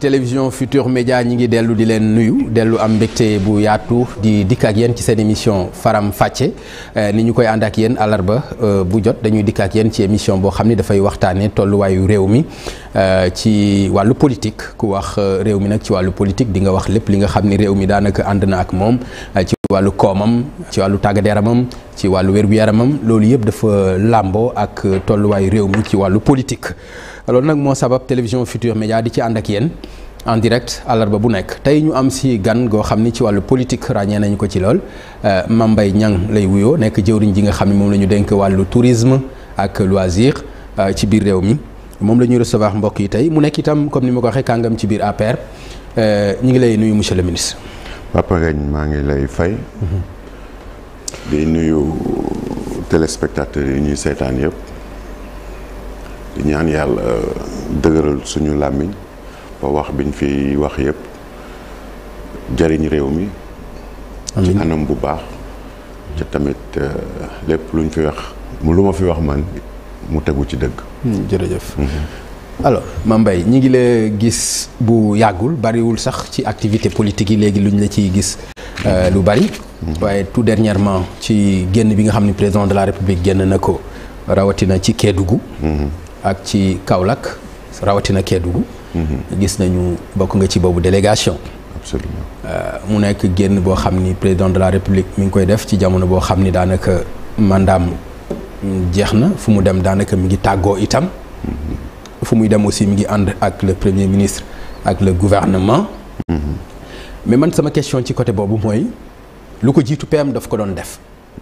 télévision Futur Média ñi ngi dellu di leen nuyu dellu am mbégte bu yaatu di dikk ak yéen ci seen émission Faram Fàcce eh, ni ñu koy ànd ak yéen àllarba eh, bu jot dañuy dikk ak yéen ci émission boo xam ni dafay waxtaane tolluwaayu réew mi eh, ci wàllu politique ku wax réew mi nag ci wàllu politique di nga wax lépp li nga xam ni réew mi daanaka ànd na ak moom ci wàllu koomam ci wàllu tàggat yaramam ci wàllu wér yaramam loolu yëpp dafa làmboo ak tolluwaayu réew mi ci wàllu politique loolu nag moo sabab télévision Futur Média di ci ànd ak yéen en direct àllarba bu nekk tey ñu am si gan goo xam ni ci wàllu politique ràññee nañu ko ci lool euh, Mame mbay ñang lay wuyoo nekk jëwriñ ji nga xam ne moom la ñu dénk wàllu tourisme ak loisir euh, ci biir réew mi moom la ñuy recevoir mbokk yi tey mu nekk itam comme ni ma ko waxee kàngam ci biir APR euh, ñu ngi lay nuyu monsieur le ministre. Papa maa ngi lay fay. Mhm. di nuyu téléspectateurs yi ñuy seetaan ñaan yàlla euh, dëgëral suñu làmmiñ wax biñ fi wax yépp jariñ réew mi ci bu baax ci tamit euh, lépp luñ fi wax mu fi wax man mu ci dëgg hmm, jërëjëf mhm. alors Mame Mbaye ñi ngi la gis bu yàggul bariwul sax ci activité politique yi léegi luñ la ciy gis euh, mhm. lu bari mhm. waaye tout dernièrement ci génn bi nga xam ne président de la république génn na ko rawatina ci Kédougou ak ci Kaolack rawatina Kédougou gis nañu bokk nga ci boobu délégation absolument euh, mu nekk génn boo xam ni président de la république mi ngi koy def ci jamono boo xam ni daanaka mandaam jeex na fu mu dem daanaka mi ngi tàggoo itam mm-hmm. fu muy dem aussi mi ngi ànd ak le premier ministre ak le gouvernement mm-hmm. mais man sama question ci côté boobu mooy lu ko jiitu PM daf ko doon def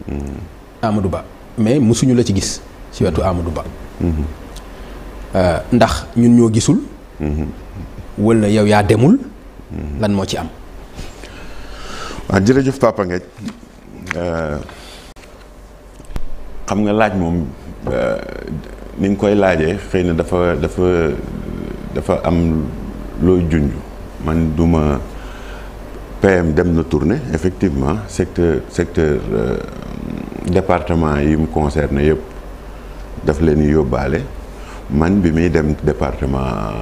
mm-hmm. Amadou Ba mais mosuñu la ci gis ci wetu Amadou Ba Euh, ndax ñun ñoo gisul mm-hmm. wala yow yaa demul mm-hmm. lan moo ci am waaw jërëjëf Papa Nguej euh, xam nga laaj moom euh, ni nga koy laajee xëy na dafa dafa dafa am looy junj man duma PM dem na tournée effectivement secteur secteur département yi mu concerné yëpp daf leen yóbbaale man bi muy dem département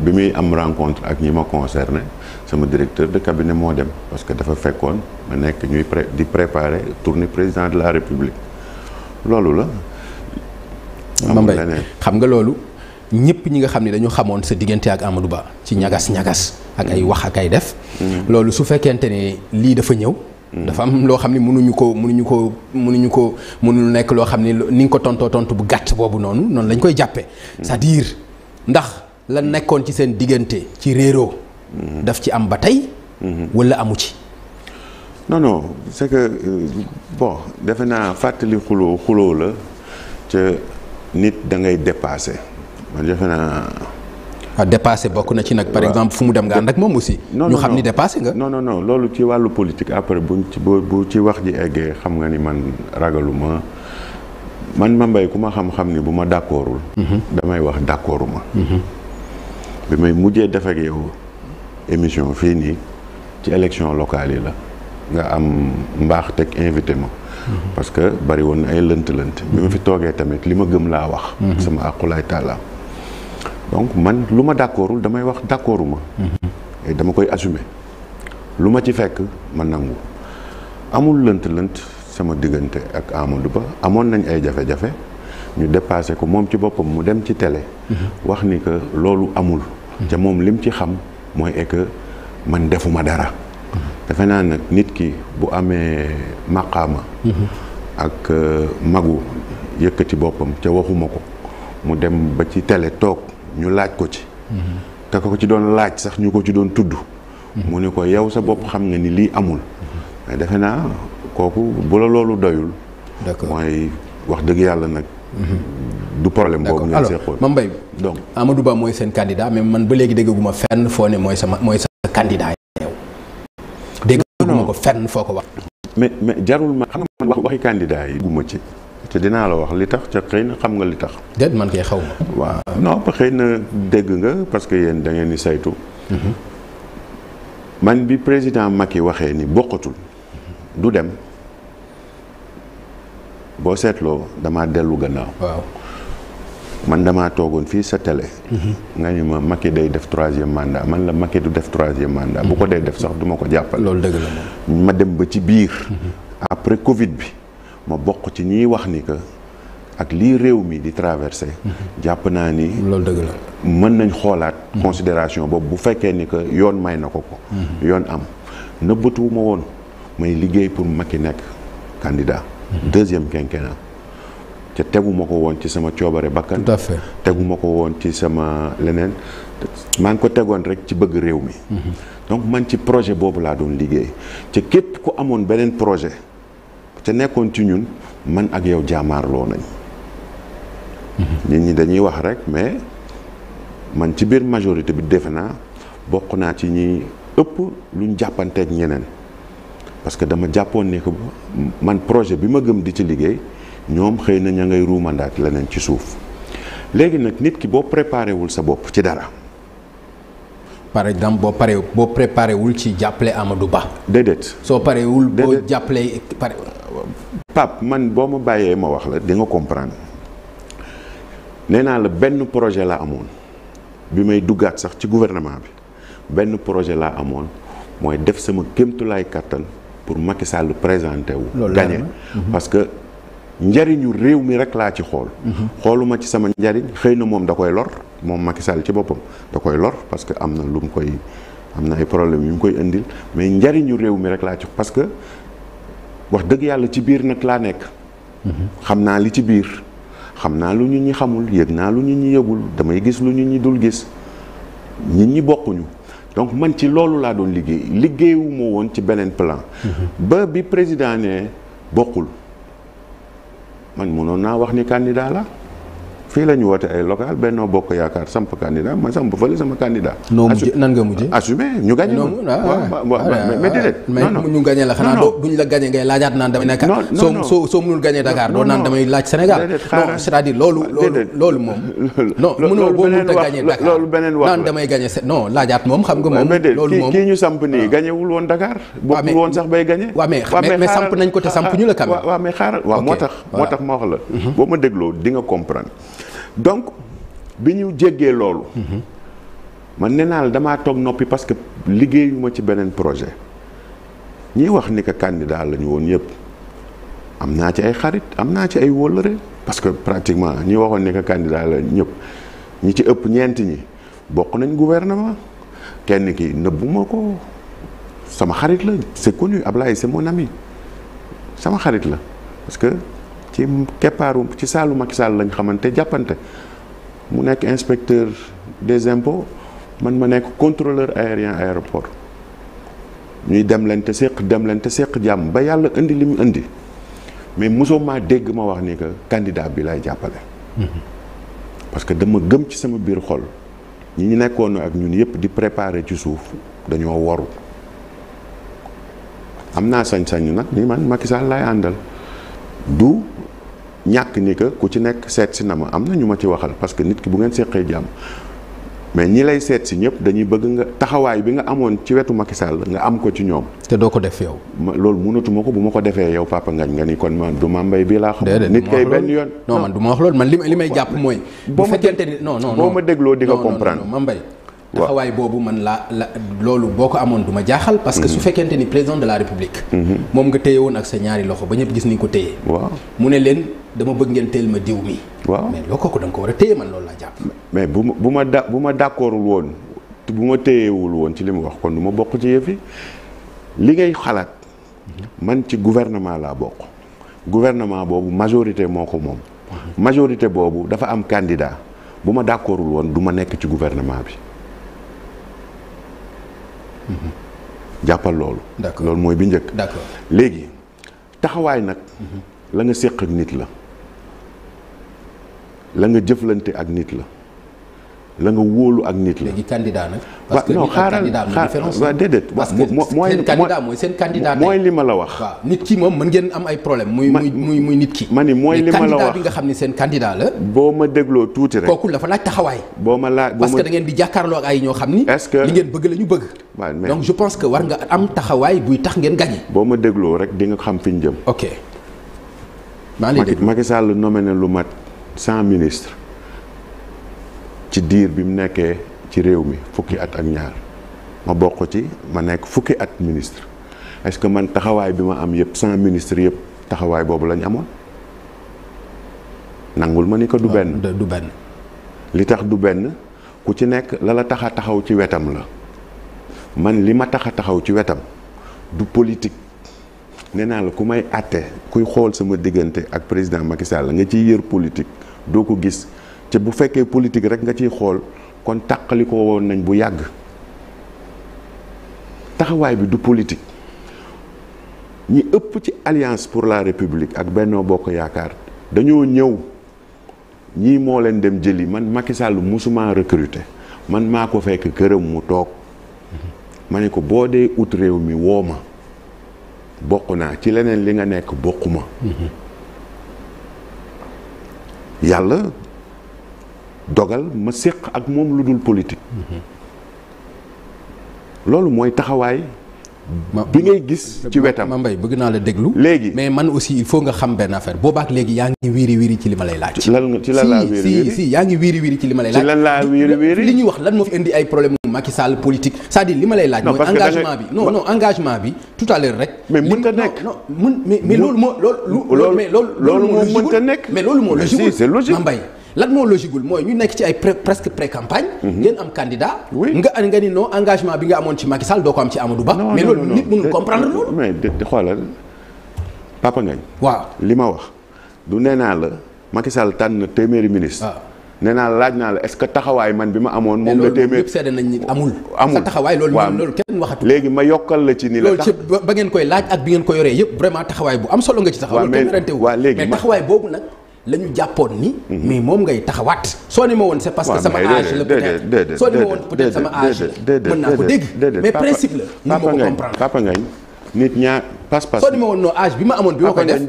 bi muy am rencontre ak ñi ma concerné sama directeur de cabinet moo dem parce que dafa fekkoon ma nekk ñuy pré di préparer tournée président de la république loolu la. Mbaye xam nga loolu ñëpp ñi nga xam ne dañu xamoon sa diggante ak Amadou Ba ci ñagas ñagas ak ay wax ak ay def. Mm. loolu su fekkente ne lii dafa ñëw. dafa am loo xam ne mënuñu ko mënuñu ko mënuñu ko mënul nekk loo xam ne ni nga ko tontoo tontu bu gàtt boobu noonu noonu lañ koy jàppee. c'est-à-dire ndax la nekkoon ci seen diggante ci réeroo. Mhm. daf ci am ba tey. Mhm. wala amu ci. non non c'est que euh, bon defe naa fàttali xuloo xuloo la ca nit da ngay dépasser man defe naa. waaw ah, dépassé bokk na ci nag par exemple fu mu dem nga ànd ak moom aussi. ñu xam ni dépassé nga. non non non loolu ci wàllu politique après buñ ci bu ci wax ji eggee xam nga ni man ragaluma man ma mbay ku ma xam-xam ni bu ma d'accordul mhm. damay wax d'accorduma mhm. bi may mujjee def ak émission fii nii ci élection locale yi la nga am mbaax teg invité ma. Mhm. parce que bari woon na ay lënt-lënt. bi ma fi toogee tamit li ma gëm laa wax. sama àqulaay taala donc man lu ma d'accordul damay wax d'accorduma mhm. et dama koy assumé lu ma ci fekk ma nangu amul lënt-lënt sama diggante ak Amadou Ba amoon nañ ay jafe-jafe ñu dépassé ko moom ci boppam mu dem ci télé. Mhm. wax ni loolu amul. Mhm. te moom lim ci xam mooy est que man defuma dara. defe naa nag nit ki bu amee maqaama. ak euh, magu yëkkati boppam ca waxuma ko mu dem ba ci télé toog ñu laaj ko ci te ko ci doon laaj sax ñu ko ci doon tudd mu ni ko yow sa bopp xam nga ni lii amul mais defe naa kooku bu la loolu doyul mooy wax dëgg yàlla nag du problème boobu ngeen seqoon Mame Mbaye donc Amadou Ba mooy seen mais man ba léegi déggaguma fenn foo ne mooy sama mooy sa candidat yow déggaguma ko fenn foo ko wax mais mais jarul ma xam nga man wax waxi candidat yi guma ci te dinaa la wax li tax ca xëy na xam nga li tax. déet man kay xaw ma. waaw nopp xëy na dégg nga parce que yéen da ngeen di saytu. Mhm. man bi président Macky waxee ni bokkatul du dem boo seetloo damaa dellu gannaaw. waaw man damaa toogoon fii sa tele mhm. nga ni ma Macky day def troisième mandat man la Macky du def troisième mandat. bu ko mhm. dee def sax duma ko jàppale. loolu dëgg la ma dem ba ci biir. après Covid bi. ma bokk ci ñiy wax ni que ak lii réew mi di traversé. jàpp naa ni. loolu dëgg mën nañ xoolaat. considération boobu bu fekkee ni que yoon may na ko ko. yoon am nëbbatuwuma woon may liggéey pour Macky nekk candidat. deuxième quinquennat te teguma ko woon ci sama coobare bakkan. teguma ko woon ci sama leneen maa ngi ko tegoon rek ci bëgg réew mi. Mhm. donc man ci projet boobu laa doon liggéey te képp ku amoon beneen projet. te nekkoon ci ñun man ak yow jaamaarloo nañ mhm. nit ñi dañuy wax rek mais man ci biir majorité bi defe naa bokk naa ci ñi ëpp luñ jàppanteeg ñeneen parce que dama jàppoon ne que man projet bi ma gëm di ci liggéey ñoom xëy na ña ngay ruumandaat leneen ci suuf léegi nag nit ki boo préparé wul sa bopp ci dara. par exemple boo paree boo préparé wul ci jàppale Amadou Ba. déedéet soo parewul wul boo jàppale pare. Pape man boo ma bàyyee ma wax la di nga comprendre nee naa la benn projet laa amoon bi may duggaat sax ci gouvernement bi benn projet laa amoon mooy def sama kéemtulaay kàttan pour Macky Sall présenté wu. gagné mhm. parce que njariñu réew mi rek laa ci xool. Mhm. xooluma ci sama njariñ xëy na moom da koy lor moom Macky Sall ci boppam da koy lor parce que am na lu mu koy am na ay problème yu mu koy indil mais njariñu réew mi rek laa ci parce wax dëgg yàlla ci biir nag laa nekk. xam naa li ci biir xam naa lu ñu ñi xamul yëg naa lu ñu ñi yëgul damay gis lu ñu ñi dul gis nit ñi bokkuñu donc man ci loolu laa doon liggéey liggéeyu woon ci beneen plan. Mhm. ba bi président ne bokkul man mënoon naa wax ni candidat la fii la ñu woote ay local Benno Bokk Yaakaar samp candidat ma samp fële sama candidat. noo mujj nan nga mujj. assumé ñu gagné ma ah, ah. waaw waaw mais déedéet. ñu la xanaa doo la gagné ngay laajaat naan damay nekk. non non non soo soo mënul gagné laaj Sénégal. non c'est-à-dire loolu. Ah, loolu loolu moom. non mënoo loolu beneen wax naan damay gagné non laajaat moom xam nga moom. loolu moom kii ñu samp nii gagné wul woon Dakar. waaw woon sax bay gagné. waaw mais mais samp nañ ko te samp ñu la. waaw mais xaaral waaw moo tax moo tax ma wax la. Mhm. boo ma dégloo di nga comprendre donc bi ñu jéggee loolu. man nee naa damaa toog noppi parce que liggéeyuma ci beneen projet ñiy wax ni que candidat la ñu woon yëpp am naa ci ay xarit am naa ci ay wóllëre parce que pratiquement ñi waxoon ni que candidat la ñëpp ñi ci ëpp ñeent ñi bokk nañ gouvernement kenn ki nëbbuma ko sama xarit la c'est connu Ablaye c'est mon ami sama xarit la parce ci keppaaru ci saalu Macky Sall lañ xamante jàppante mu nekk inspecteur des impo man ma nekk contrôleur aérien aéroport ñuy dem leen te séq dem te séq jàmm ba yàlla indi li indi mais mosoo maa dégg ma wax ni que candidat bi lay jàppale. parce que dama gëm ci sama biir xol ñi ñu nekkoon ak ñun yëpp di préparer ci suuf dañoo waru am naa sañ-sañu nag ni man Macky lay àndal ñàkk ni que ku ci nekk seet si na ma am na ñu ma ci waxal parce que nit ki bu ngeen seqee jàmm mais ñi lay seet si ñëpp dañuy bëgg nga taxawaay bi nga amoon ci wetu Macky Sall nga am ko ci ñoom. te doo ko def yow. loolu mënatuma ko bu ma ko defee yow papa ngañ nga ni kon man du ma mbay bi laa xam. nit kay benn yoon. non man du ma wax loolu man li may jàpp mooy. bu fekkente ni non non boo ma dégloo di nga comprendre ma mbay. waaw taxawaay boobu la loolu boo ko amoon du ma jaaxal. parce que su mhm. fekkente ni président de la république. Mhm. moom nga téye woon ak sa ñaari loxo ba ñëpp gis ni ko téye. waaw dama bëgg ngeen teel ma diw mi. waaw mais da a téye man loolu laa jàpp. mais bu ma bu ma da bu ma d'accordul woon bu ma téyewul woon ci li mu wax kon du ma bokk ci yëf li ngay xalaat man ci gouvernement laa bokk gouvernement boobu majorité moo ko moom. majorité boobu dafa am candidat bu ma d'accordul woon du ma nekk ci gouvernement bi. jàppal loolu. d'accord loolu mooy bi njëkk. d'accord léegi taxawaay nag. la nga séq ak nit la. la nga jëflante ak nit la la nga wóolu ak nit la. léegi candidat nag. parce que non xaaral waaw déedéet. parce que seen candidat mooy seen candidat mooy ma la wax. nit ki moom mën ngeen am ay problème muy muy muy nit ki. ma mooy li ma la wax candidat nga xam ne seen candidat la. boo ma dégloo tuuti rek. kooku dafa taxawaay. boo ma laaj parce que da ngeen di ñoo xam ni. est bëgg la ñu bëgg. donc je que war nga am taxawaay buy tax ngeen gagné. boo ma dégloo rek di xam fi ñu jëm. ok. maa ngi lay déglu Macky Sall nommé na lu mat cent ministre ci diir bi mu nekkee ci réew mi fukki at ak ñaar ma bokk ci ma nekk fukki at ministre est que man taxawaay bi ma am yëpp cent ministre yëpp taxawaay boobu lañ amoon nangul ma ni ko du ah, benn du benn li tax du benn ku ci nekk la la tax taxaw ci wetam la man li ma tax a taxaw ci wetam du politique nee naa la ku may àtte kuy xool sama diggante ak président Macky la nga ci yër politique doo ko gis te bu fekkee politique rek nga ciy xool kon tàqali ko woon nañ bu yàgg taxawaay bi du politique ñi ëpp ci alliance pour la république ak Benno Bokk Yaakaar dañoo ñëw ñii moo leen dem jëli man Macky Sall musuma man maa ko fekk këram mu toog ma ne ko boo dee ut réew mi woo ma bokk naa ci leneen li nga nekk bokkuma yàlla dogal ma séq ak moom lu dul politique mhm. loolu mooy taxawaay bi ngay gis ci wetam ma mbay bëgg naa la déglu. léegi mais man aussi il faut nga xam benn affaire boobaak léegi yaa ngi wiiri wiiri ci li ma lay laaj. li ma lay laaj. ñuy wax lan moo fi indi ay problème mu Macky Sall politique c'est-à-dire li ma lay laaj. mooy engagement bi non non engagement bi tout à l'heure rek. mais mënta nekk non non mais loolu moo. loolu loolu loolu. loolu moo mënta nekk mais loolu moo logique. c'est logique ma mbay. lan moo logigul mooy ñu nekk ci ay presque pré campagne. Mhm. ngeen am candidat. nga nga ni non engagement bi nga amoon ci Macky Sall doo ko am ci Amadou Ba. mais loolu nit mënul comprendre loolu. mais de waaw li ma wax du nee naa la Macky Sall tànn téeméeri ministre. waaw ah. nee naa la laaj naa man bi ma amoon. moom la téeméer yëpp ni amul. amul sa taxawaay loolu loolu kenn waxatu. léegi ma yokkal la ci ni la tax loolu ci ba ngeen koy laaj ak bi ngeen ko yoree yëpp vraiment taxawaay bu am solo nga ci taxaw. waaw mais waaw léegi mais taxawaay boobu nag la ñu jàppoon ni. mais moom ngay taxawaat. soo ne ma woon c'est parce sama âge la peut-être soo ni ma woon peut sama âge la mën naa ko dégg mais principe la ni ma ko comprendre papa nit ñaa pas-pas. soo ni ma woon bi ma amoon bi ma koy def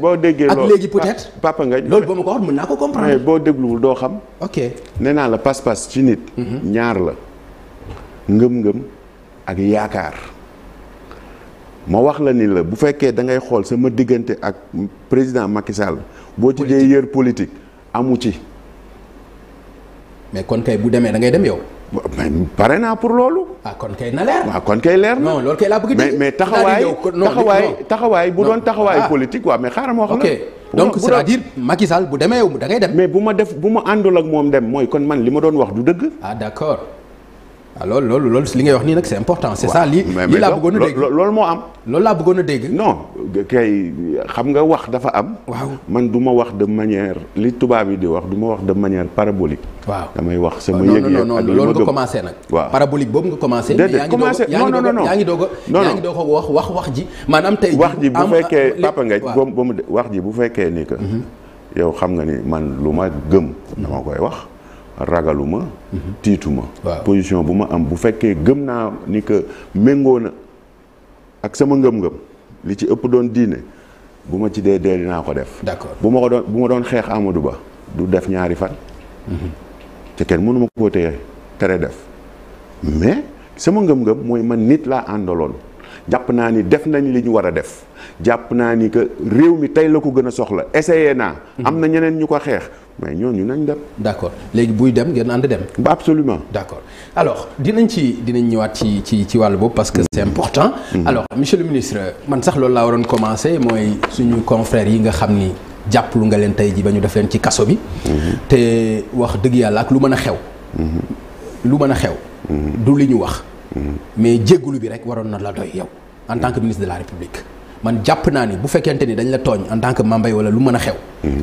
ak léegi peut-être papa ngañ loolu boo ma ko wax mën naa ko comprendre. boo dégluwul doo xam. ok nee naa la pas-pas ci nit. Mhm. ñaar la ngëm-ngëm ak yaakaar. ma wax la ni la bu fekkee da ngay xool sama diggante ak président Macky boo ci dee yër politique amu ci. mais kon kay bu demee da ngay dem yow. pare naa pour loolu. ah kon kay na leer. waaw ah, kon kay leer na. non loolu kay laa bëgg mais mais taxawaay taxawaay taxawaay bu doon taxawaay ah. politique waaw mais xaaral ma wax la. ok donc cest à bu demee yow da ngay dem. mais bu ma def bu ma àndul ak moom dem mooy kon man li ma doon wax du dëgg. ah d'accord. waaw ah, loolu loolu loolu li ngay wax nii nag c'est important c'est ça li li laa bëggoon a dégg loolu moo am loolu laa bëggoon a dégg non kay xam nga wax dafa am waaw man du ma wax de manière li tubaab yi di wax du ma wax de manière waaw damay wax sama yëg-yëg non loolu nga commencé nag waaw parabolique boobu nga commencé déedéet commencé non non non yaa ngi doog a yaa ngi doog a wax wax wax ji maanaam tey wax ji bu fekkee papa nga ba mu wax ji bu fekkee ni que mhm. yow xam nga ni man lu ma gëm dama koy wax ragaluma mhm. tiituma position bu ma am bu fekkee gëm naa ni que méngoo na ak sama ngëm-ngëm li ci ëpp doon diine bu ma ci dee dee dinaa ko def d'accord bu ma ko doon bu ma doon xeex Amadou Ba du def ñaari fan mhm. te kenn mënuma koo téye tere def mais sama ngëm-ngëm mooy man nit laa àndaloon jàpp naa ni def nañ li ñu war a def jàpp naa ni que réew mi tey la ko gën a soxla essayé naa. Mhm. am na ñeneen ñu ko xeex mais ñooñu nañ dem. d' accord léegi buy dem ngeen ànd dem. ba absolument d' accord alors dinañ ci dinañ ñëwaat ci ci ci wàll boobu parce que c' mhm. important. Mhm. alors monsieur le ministre man sax loolu laa waroon commencé mooy suñu confrères yi nga xam ni jàppalu nga leen tey ji ba ñu def leen ci kaso bi. te wax dëgg yàlla ak lu mën a xew. lu mën a xew. du ñu wax. mais jéggulu bi rek waroon na la doy yow en tant que ministre de la république man jàpp naa ni bu fekkente ni dañ la tooñ en tant que mambay wala lu mën a xew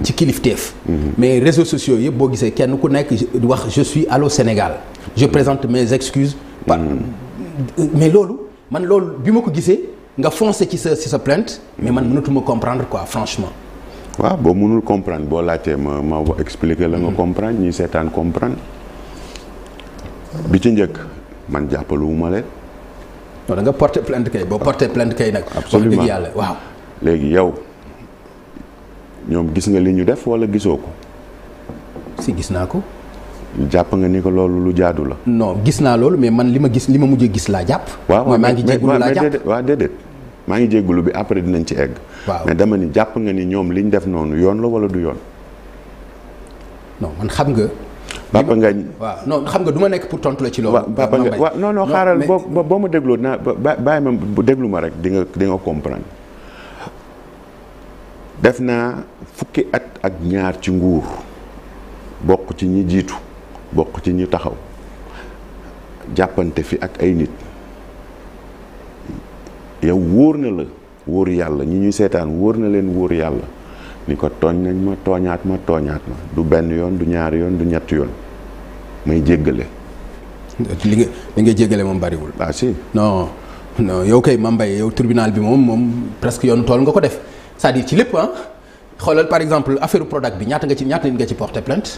ci kilifteef mais réseaux sociaux yëpp boo gisee kenn ku nekk di wax je suis Allô Sénégal je présente mes excuses par mais loolu man loolu bi ma ko gisee nga foncé ci sa ci sa plainte mais man mënatuma comprendre quoi franchement waaw boo mënul comprendre boo laajtee ma ma expliquer la nga mm-hmm. comprendre ñi seetaan comprendre bi ci njëkk man jàppalewuma leen. non da nga porté plainte kay boo porté plainte kay nag. absolument wax dëgg yàlla waaw. léegi yow ñoom gis nga li ñu def wala gisoo ko. si gis naa ko. jàpp nga ni ko loolu lu jaadu la. non gis naa loolu mais man li ma gis li ma mujjee gis laa jàpp. waaw maa ngi jégalu laa jàpp waaw maa ngi jégalu bi après dinañ ci egg. waaw mais dama ni jàpp nga ni ñoom li ñu def noonu yoon la wala du yoon. non man xam nga. Papa Ngagne waaw non xam nga du nekk pour tontu la ci loolu. Papa Ngagne waaw non non xaaral boo boo ma dégloo naa ba bàyyi ma déglu ma rek di nga di nga comprendre def naa fukki at ak ñaar ci nguur bokk ci ñu jiitu bokk ci ñu taxaw jàppante fi ak ay nit yow wóor na la wóor yàlla ñi ñuy seetaan wóor na leen wóor yàlla. ni ko tooñ nañ ma tooñaat ma tooñaat ma du benn yoon du ñaari yoon du ñetti yoon may jéggale li nga li nga jéggale moom bariwul ah si non non yow kay ma mbay yow tribunal bi moom moom presque yoon tool nga ko def sa à dire ci lépp ah xoolal par exemple affaire Prodac bi ñaata nga ci ñaata nit nga ci porter plainte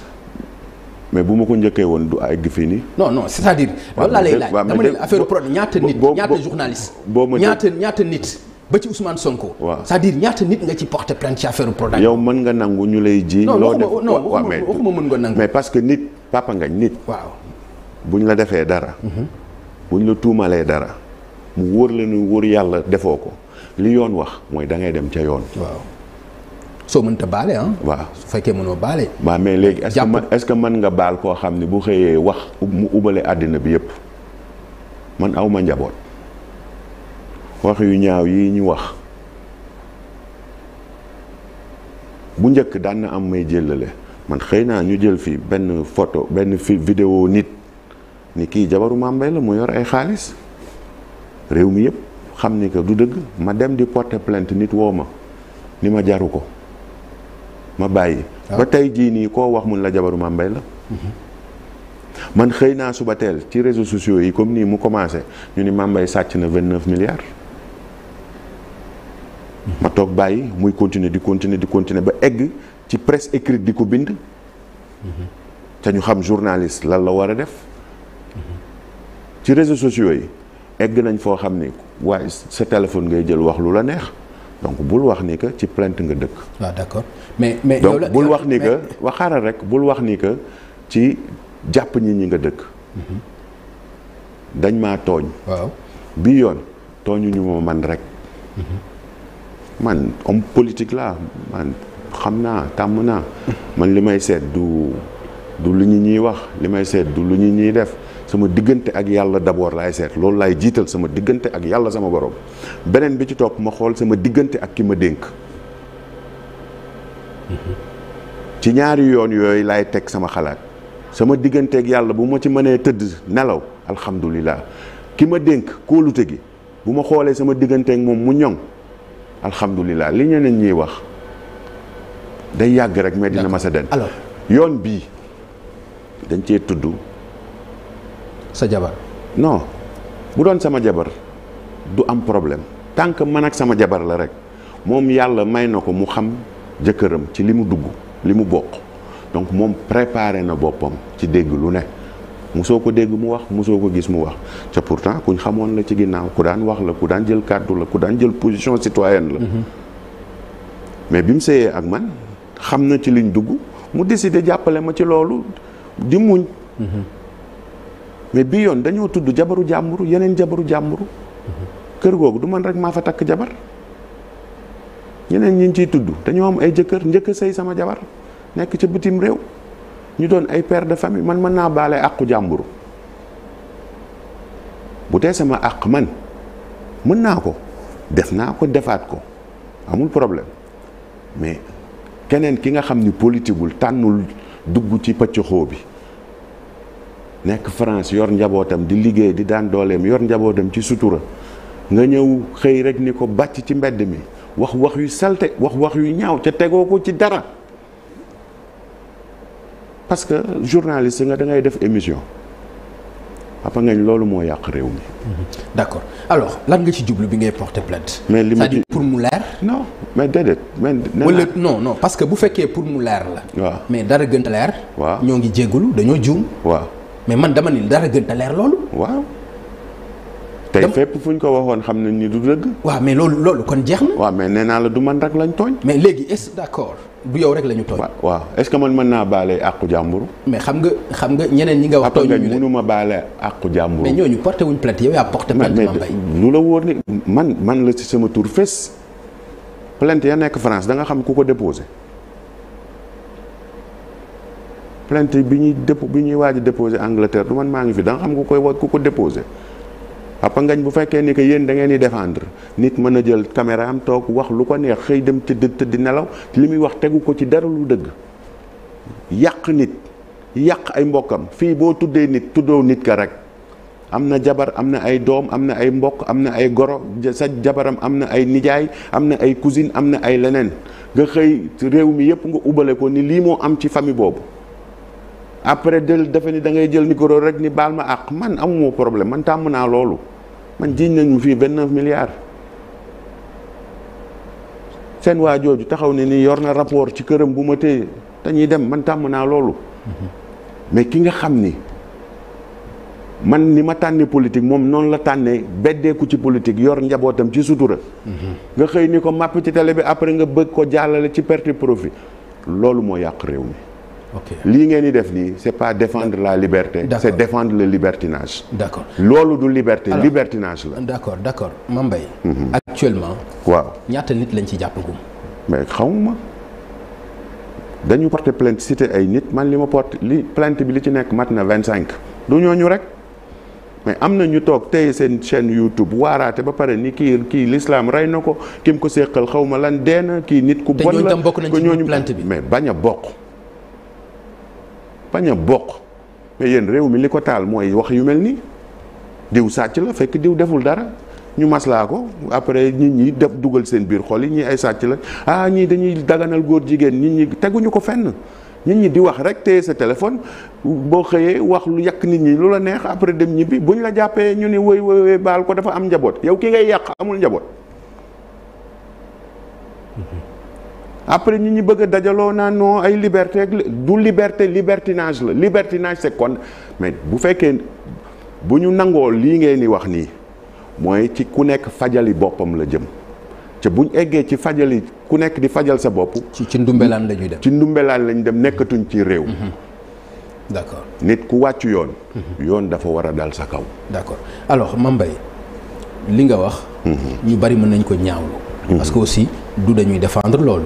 mais bu ma ko njëkkee woon du egg fii nii. non non c'est-à-dire. loolu laa lay laaj dama ne affaire Prodac ñaata nit ñaata journaliste. ñaata ñaata nit. ba ci Ousmane Sonko. waaw cest à ñaata nit nga ci porter plainte ci affaire Prodac. yow mën nga nangu ñu lay ji. loo def waaw mais waxuma mën nga nangu. mais que nit papa nga nit. waaw buñ la defee dara. Mhm. buñ la tuumalee dara mu wóor la nu wóor yàlla defoo ko li yoon wax mooy da ngay dem ca yoon. waaw soo mënta baale ah. waaw su fekkee mënoo baale. waaw mais léegi est-ce est-ce que mën nga baal koo xam ni bu xëyee wax mu ubale àddina bi yëpp man awma njaboot. wax yu ñaaw yi ñu wax bu njëkk daan na am may jëlale man xëy naa ñu jël fi benn photo benn fi vidéo nit ni kii jabaru màmbay la mu yor ay xaalis réew mi yëpp xam ni que du dëgg ma dem di porter plainte nit woo ma ni ma jaru ko ma bàyyi ah. ba tey jii nii koo wax mun la jabaru Mame Mbaye la mhm. man xëy naa suba teel ci réseaux sociaux yi comme nii mu commencé ñu ni Mame Mbaye sàcc na vingt neuf milliards ma toog bàyyi muy continuer di continuer di continuer ba egg ci presse écrite di ko bind. te ñu xam journalist lan la war a def. ci réseaux sociaux yi egg nañ foo xam ni waaye sa téléphone ngay jël wax lu la neex donc bul wax ni que ci plainte nga dëkk. waaw d'accord mais mais donc bul wax ni que waxaaral rek bul wax ni que ci jàpp ñi ñi nga dëkk. Mhm. dañ ma tooñ. waaw bii yoon tooñu ñu ma man rek. Mhm. man homme politique laa man xam naa tàmm naa man li may seet du du lu ñu ñuy wax li may seet du lu ñu ñuy def sama diggante ak yàlla d'abord laay seet loolu laay jiital sama diggante ak yàlla sama borom beneen bi ci topp ma xool sama diggante ak ki ma dénk ci ñaari yoon yooyu laay teg sama xalaat sama digganteek yàlla bu ma ci mënee tëdd nelaw alhamdulilah ki ma dénk kóolute gi bu ma xoolee sama diggante moom mu ñoŋ alhamdulilah li ñeneen ñuy wax day yàgg rek mais dina mas a den alors yoon bii dañ cee tudd sa jabar no bu doon sama jabar du am problème tant que man ak sama jabar la rek moom yàlla may na ko mu xam jëkkëram ci li mu dugg li mu bokk donc moom préparé na boppam ci dégg lu ne musoo ko dégg mu wax musoo ko gis mu wax te pourtant kuñ xamoon la ci ginnaaw ku daan wax la ku daan jël kàddu la ku daan jël position citoyenne la. Mhm. mais bi mu sëyee ak man xam na ci liñ dugg mu décidé jàppale ma ci loolu di muñ. Mhm. mais bi yoon dañoo tudd jabaru jàmburu yeneen jabaru jàmburu. Mhm. kër googu du man rek maa fa takk jabar. ñeneen ñu ñu ciy tudd dañoo am ay jëkkër njëkk sëy sama jabar nekk ca bitim réew. ñu doon ay père de famille man man naa baale àqu jàmbur bu dee sama àq man mën naa ko def naa ko defaat ko amul problème mais keneen ki nga xam ni politiqueul tànnul dugg ci pëccxoo bi nekk France yor njabootam di liggéey di daan dooleem yor njabootam ci sutura nga ñëw xëy rek ni ko bàcc ci mbedd mi wax wax yu salte wax wax yu ñaaw ca tegoo ko ci dara parce que journaliste nga da ngay def émission papa ngañ loolu moo yàq réew mi. Mhm. d'accord alors lan nga ci jublu bi ngay porter plainte. mais li ma pour mu leer. non mais déedéet. mais wala non non parce que bu fekkee pour mu leer la. mais dara gën leer. waaw ñoo ngi jégalu dañoo juum. waaw mais man dama ni dara gën a leer loolu. waaw. tey fépp fu ñu ko waxoon xam nañ ni du dëgg. waaw loolu loolu kon jeex na. waaw mais nee naa la du man rek lañ tooñ. mais léegi est-ce d'accord. du yow rek la ñu tooñ. waaw est-ce que man mën naa baale àqu jàmbur. mais xam nga xam nga ñeneen ñi nga wax. tooñ ñu mënuma baale àqu jàmbur. mais ñooñu porté wuñ plainte yow yaa porté plainte Mame Mbaye lu la wóor ni man man la ci sama tur fés. plainte ya nekk France da nga xam ku ko déposé. plainte bi ñuy dépo bi ñuy waaj a déposé Angleterre du man maa ngi fi da nga xam ku koy ku ko déposé. Papa ngañ bu fekkee ni que yéen da ngeen di defendre nit mën a jël caméra am toog wax lu ko neex xëy dem tëdd tëdd nelaw li muy wax tegu ko ci dara lu dëgg yàq nit yàq ay mbokkam fii boo tuddee nit tuddoo nit ka rek am na jabar am na ay doom am na ay mbokk am na ay goro sa jabaram am na ay nijaay am na ay cousine am na ay leneen nga xëy réew mi yépp nga ubale ko ni lii moo am ci famille boobu après del defe ni da ngay jël koro rek ni baal ma àq man amu problème man tàmm naa loolu man jiiñ nañ fii vingt neuf milliards seen waa jooju taxaw ne nii yor na rapport ci këram bu ma téye te ñuy dem man tàmm naa loolu mais ki nga xam ni man ni ma tànne politique moom noonu la tànnee beddeeku ci politique yor njabootam ci sutura nga xëy ni ko màpp ci télé bi après nga bëgg ko jàllale ci perte profit loolu moo yàq réew mi lii ngeen di def nii c'est pas défendre la liberté c'est défendre le libertinage d'accord loolu du liberté Alors, libertinage la d'accord d'accord Mame Mbaye mhm. actuellement waaw ñaata nit lañ ci jàppagum mais xamuma dañu porté plainte cité ay nit man li ma porté li plant bi li ci nekk mat na vingt cinq du ñooñu rek mais am na ñu toog tey seen chaîne YouTube waaraate ba pare ni ki kii l'islam rey na ko ki mu ko séqal xaw ma lan dee na kii nit ku bon la ko ñooñu plainte bi mais bañ a bokk bañ boq bokk yéen réew mi li ko taal mooy wax yu mel nii diw sàcc la fekk diw deful dara ñu maslaa ko après nit ñi def dugal seen biir xol yi ñii ay sàcc la ah ñii dañuy daganal góor jigéen nit ñi teguñu ko fenn nit ñi di wax rek téye sa téléphone boo xëyee wax lu yàq nit ñi lu la neex après dem ñibbi buñ la jàppee ñu ne woy woy baal ko dafa am njaboot yow ki ngay yàq amul njaboot. Mm-hmm. après ñu ñu bëgg a dajaloo naa non ay liberté ak du liberté libertinage la libertinage c'est kon mais bu fekkee bu ñu nangoo lii ngeen di wax nii mooy ci ku nekk fajali boppam la jëm te buñ eggee ci fajali ku nekk di fajal sa bopp. ci ci ndumbelaan lañuy ñuy dem. ci ndumbelaan lañu dem nekkatuñ ci réew. Mhm. d'accord nit ku wàccu yoon. Mhm. yoon dafa war a dal sa kaw. d'accord alors Mame Mbaye li nga wax. Mhm. ñu bari mën nañ ko ñaawlu. parce que aussi du dañuy défendre loolu.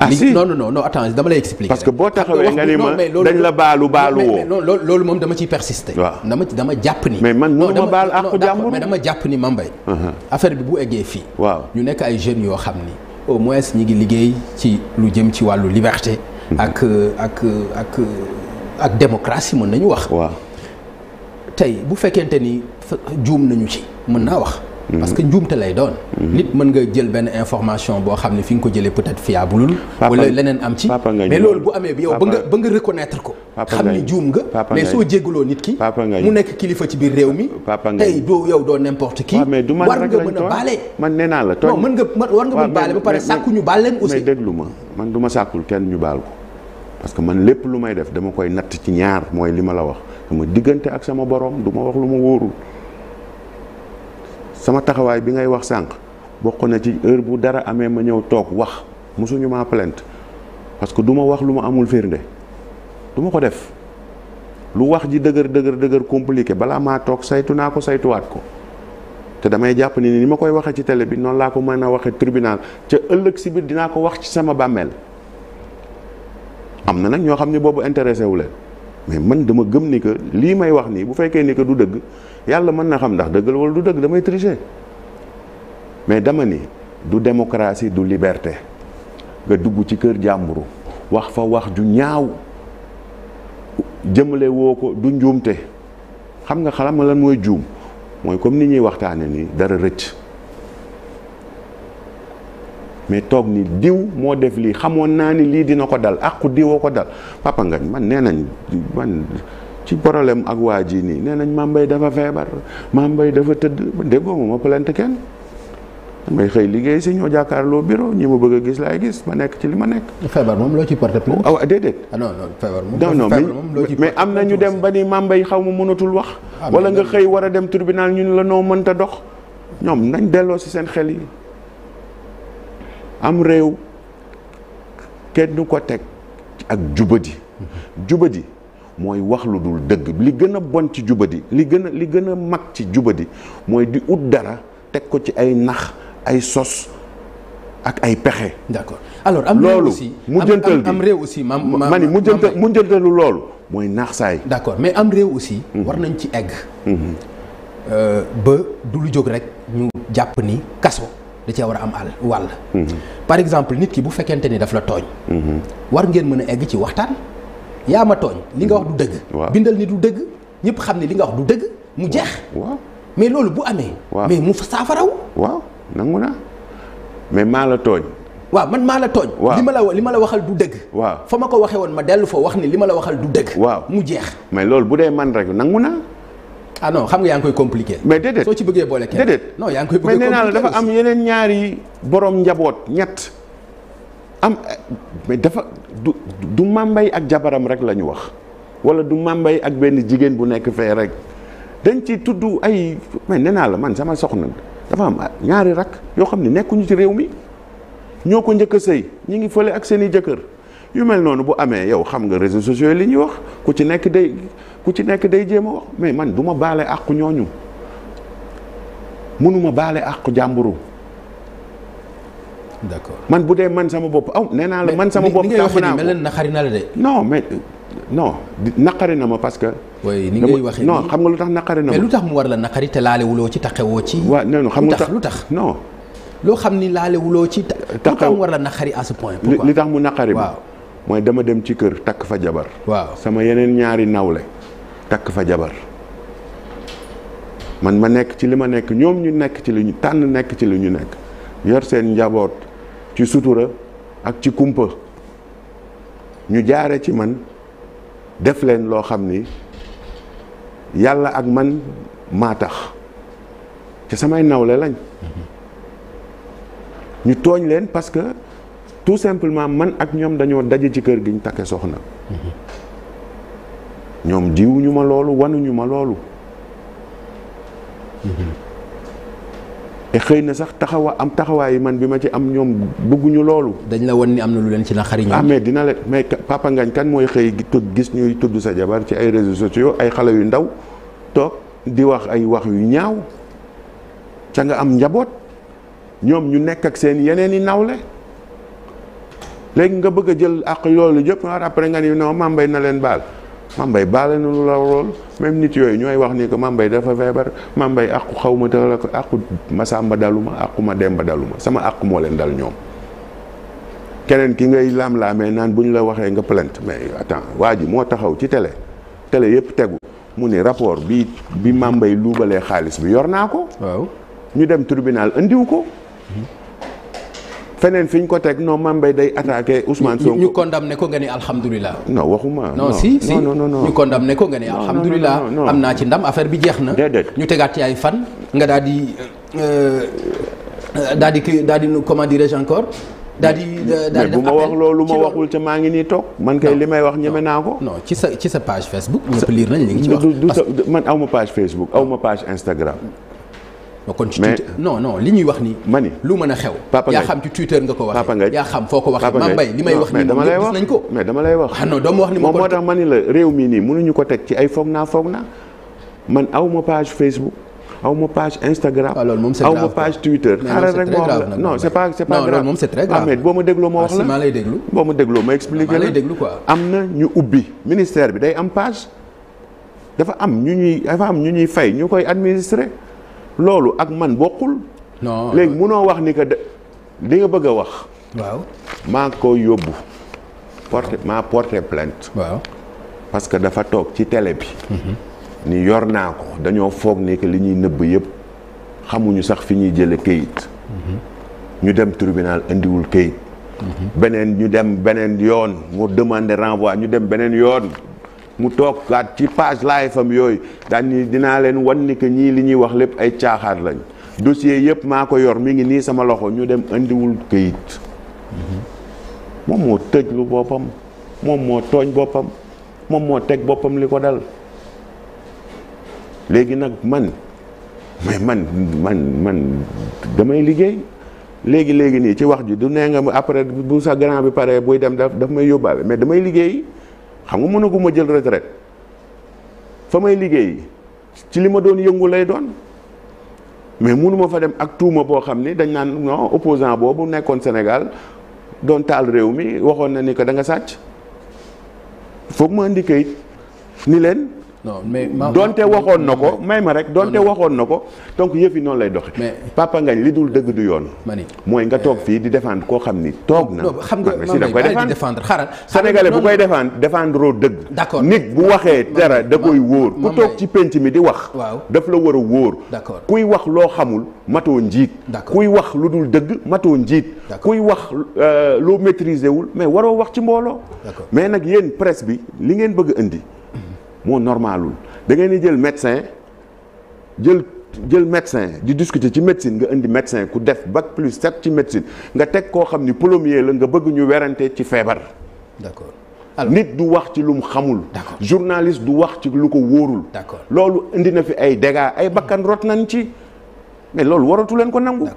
ah si non non non attends dama lay expliquer. parce que boo taxawee nga ni ma dañ la baalu baalu woo. non loolu moom dama ciy persister. waaw dama jàpp ni. mais man mënu ma baal àqu jàmbur mais dama jàpp ni Mambay. Uh-huh. affaire bi bu eggee fii. waaw ñu nekk ay jeunes yoo xam ni au moins ñi ngi liggéey ci lu jëm ci wàllu liberté. Uh-huh. ak ak ak ak démocratie mën nañu wax. waaw bu fekkente ni juum nañu ci mën naa wax. Mm-hmm. parce que njuumte lay doon. Mm-hmm. nit mën nga jël benn information boo xam ne fi nga ko jëlee peut-être fiabulul wala leneen am ci mais loolu bu amee bi yow ba nga ba nga reconnaître ko. xam ni juum nga mais soo jégaloo nit ki. mu nekk kilifa ci biir réew mi. tey doo yow doo n'importe qui. a baale. man nee naa la tooñ non mën nga ba pare sàkku ñu ma man du ma sàkkul kenn ñu baal ko parce que man lépp lu may def dama koy natt ci ñaar mooy li ma la wax sama diggante ak sama boroom du ma wax lu ma wóorul sama taxawaay bi ngay wax sànq bokk na ci heure bu dara amee ma ñëw toog wax mosuñu maa plainte parce que du ma wax lu ma amul firnde du ma ko def lu wax ji dëgër dëgër dëgër compliqué balaa maa toog saytu naa ko saytuwaat ko te damay jàpp ni ni ma koy waxee ci tele bi noonu laa ko mën a waxee tribunal ca ëllëg si dinaa ko wax ci sama bàmmeel am na nag ñoo xam ne boobu intéressé wu mais man dama gëm ni que lii may wax nii bu fekkee ni que du dëgg. yàlla mën na xam ndax dëgg la wala du dëgg damay tricher mais dama ni du démocratie du liberté nga dugg ci kër jàmburu wax fa wax ju ñaaw jëmale woo ko du njuumte xam nga xalam mooy juum mooy comme ni ñuy waxtaane ni dara rëcc mais toog ni diw moo def lii xamoon naa ni lii dina ko dal àqu diwoo ko dal papa nga man nee nañ man ci problème ak waa jii nii nee nañ Mame Mbaye dafa feebar Mame yi dafa tëdd déggoo ma ma plainte kenn damay xëy liggéey si ñoo jàkkaarloo bureau ñi ma bëgg a gis laay gis ma nekk ci li ma nekk. feebar moom loo ci porté plainte. ah déedéet. ah non non moom. loo ci mais am na ñu dem ba ni Mame yi xaw ma mënatul wax. Ah, wala nga xëy war a dem tribunal ñu ne la noo mënta dox. ñoom nañ delloo si seen xel yi am réew kenn du ko teg ak jubadi mm-hmm. jubadi. mooy wax lu dul dëgg li gën a bon ci jubadi li gën a li gën a mag ci di mooy di ut dara teg ko ci ay nax ay sos ak ay pexe. d'accord alors am réew aussi loolu mujjantal bi am réew aussi ma ma ni mujjantal mujjantalu loolu mooy naax saay. d'accord mais am réew aussi. Mhm. war nañ ci egg. Mhm. Euh, ba du lu jóg rek ñu jàpp ni kaso da cee war a am àll wàll. Mhm. par exemple nit ki bu fekkente ni daf la tooñ. war ngeen mën a egg ci waxtaan. yaa ma tooñ li nga wax du dëgg bindal ni du dëgg ñëpp xam ne li nga wax du dëgg mu jeex waaw mais loolu bu amee mais mu saafaraw waaw nangu naa mais maa la tooñ waaw man maa la tooñ li ma la li ma waxal du dëgg waaw fa ma ko waxee woon ma dellu fa wax ni li ma la waxal du dëgg waaw mu jeex mais loolu bu dee man rek nangu naa ah non xam nga yaa ngi koy compliqué mais déedéet soo ci bëggee boole kenn déedéet non yaa ngi koy mais nee naa la dafa am yeneen ñaari borom njaboot ñett am dafa du du mambay ak jabaram rek la ñu wax wala du mambay ak benn jigéen bu nekk fee rek dañ ci tudd ay mais nee naa la man sama soxna dafa am ñaari rak yoo xam ne nekkuñu ci réew mi ñoo ko njëkk a sëy ñi ngi fële ak seen i jëkkër yu mel noonu bu amee yow xam nga réseaux sociaux yi li ñuy wax ku ci nekk day ku ci nekk day jéem a wax mais man du ma baale àqu ñooñu mënuma baale àqu jàmburu d'accord man bu dee man sama bopp aw nee naa la man sama bopp tàmm naa ko naqari na la de non mais non naqari na ma parce que oui ni ngay waxee non xam nga lu tax naqari na lu tax mu war la naqari te laalewuloo ci taqewoo ci waaw non xam lu tax non loo xam ni laalewuloo ci lu tax mu war la naqari à ce point li tax mu naqari ma mooy dama dem ci kër takk fa jabar waaw sama yeneen ñaari nawle takk fa jabar man ma nekk ci li ma nekk ñoom ñu nekk ci li ñu tànn nekk ci li ñu nekk yor seen njaboot ci sutura ak ci kumpa ñu jaare ci man def leen loo xam ni yàlla ak man maa tax te samay nawle lañ ñu tooñ leen parce que tout semplement man ak ñoom dañoo daje ci kër gi ñu takke soxna ñoom jiwuñu ma loolu wanuñu ma loolu te xëy na sax taxawa am taxawaay man bi ma ci am ñoom bëgguñu loolu. dañ la won ni am na lu leen ci naqari. ah amee dina leen may papa Ngagne kan mooy xëy gis ñuy tudd sa jabar ci ay réseaux sociaux ay xale yu ndaw toog di wax ay wax yu ñaaw ca nga am njaboot ñoom ñu nekk ak seen yeneen i nawle léegi nga bëgg jël ak loolu yëpp ah, après nga ni non mambay na leen baal. mambay baale na lu la lool même nit yooyu ñooy wax ni que mambay dafa feebar mambay àqu xaw ma tëral ak àqu masamba daluma àqu ma ba daluma sama àqu moo leen dal ñoom. keneen ki ngay laam-laamee naan bu ñu la waxee nga plainte mais attends waa ji moo taxaw ci tele tele yëpp tegu mu ni rapport bi bi mambay luubalee xaalis bi yor naa ko. waaw ñu dem tribunal andiw ko. Mhm. feneen fi ñu ko teg non Mame Mbaye day attaqué Ousmane Sonko. ñu condamné ko nga ni alhamdulilah. non waxuma. non si si non non non. ñu condamné ko nga ni alhamdulilah. am naa ci ndam affaire bi jeex na. ñu tegaat ci ay fan. nga daal di euh, euh, daal di kii daal di comment dirais-je encore. daal di euh, daal di bu ma wax loolu ma waxul te maa ngi nii toog. man kay li may wax ñeme naa ko. non ci sa ci sa page Facebook. ñëpp lire nañ li ngi ci wax man aw ma page Facebook aw ma page Instagram. kon ci Twitter non non li wax ni mani lu mën a xew yaa xam ci Twitter nga ko waxee yaa xam foo ko waxee Mame Mbaye li may wax ni dama ko mais dama lay wax ah non doo ma wax ni moom moo tax ni la réew mii ko teg ay foog naa foog aw ma page Facebook aw ma page Instagram ah, aw moo wax la non c'est pas c'est pas grave moom c'est très grave mais boo ma dégloo ma ah, wax la maa lay déglu boo ma dégloo ma expliqué ah, la am na ñu ubbi ministère bi day am page dafa am ñu ñuy dafa am ñu ñuy fay ñu koy administrer loolu ak man bokkul. non léegi munoo wax ni que de li nga bëgg a wax. waaw maa ko yóbbu. porté maa porté plainte. waaw parce que dafa toog ci télé bi. ni yor naa ko dañoo foog nekk li ñuy nëbb yëpp xamuñu sax fi ñuy jële kayit. ñu dem tribunal indiwul kayit. Mhm. beneen ñu dem beneen yoon mu demandé renvoi ñu dem beneen yoon. mu toog toogaat ci page live fam yooyu daan dinaa leen wan ni que ñii li ñuy wax lépp ay caaxaar lañ dossier yëpp maa ko yor mi ngi nii sama loxo ñu dem indiwul këyit moom moo tëjlu boppam moom moo tooñ boppam moom moo teg boppam li ko dal léegi nag man mais man man man damay liggéey léegi léegi nii ci wax ji du nee nga après bu sa grand bi paree buy dem daf daf may yóbbaale mais damay liggéey xam nga mënaguma jël retraite fa may liggéey ci li ma doon yëngu lay doon mais mënuma fa dem ak tuuma boo xam ni dañ naan non opposant boobu nekkoon Sénégal doon taal réew mi waxoon na ni ko da nga sàcc foog ma indi kayit ni leen non mais donte waxoon na ko may ma rek donte waxoon na ko donc yëf yi noonu lay doxe papa ngañ li dul dëgg du yoon. mooy nga toog fii di défendre koo xam ni toog na. xam nga da koy défendre xaaral. sénégalais bu koy défendre défendre dëgg. d'accord nit bu waxee dara da koy wóor. ku toog ci penc mi di wax. daf la war a wóor. kuy wax loo xamul matoo njiit. kuy wax lu dul dëgg matoo njiit. kuy wax euh, loo maîtriser wul mais waroo wax ci mbooloo. mais nag yéen presse bi li ngeen bëgg indi moo normalul da ngeen di jël médecin jël jël médecin di discuter ci médecine nga indi médecin ku def bac plus sept ci médecine nga teg koo xam ni plombier la nga bëgg ñu werante ci feebar. d'accord nit du wax ci lu mu xamul. journaliste du wax ci lu ko wóorul. loolu indi na fi ay dégâts ay bakkan rot nañ ci mais loolu waratu leen ko nangu.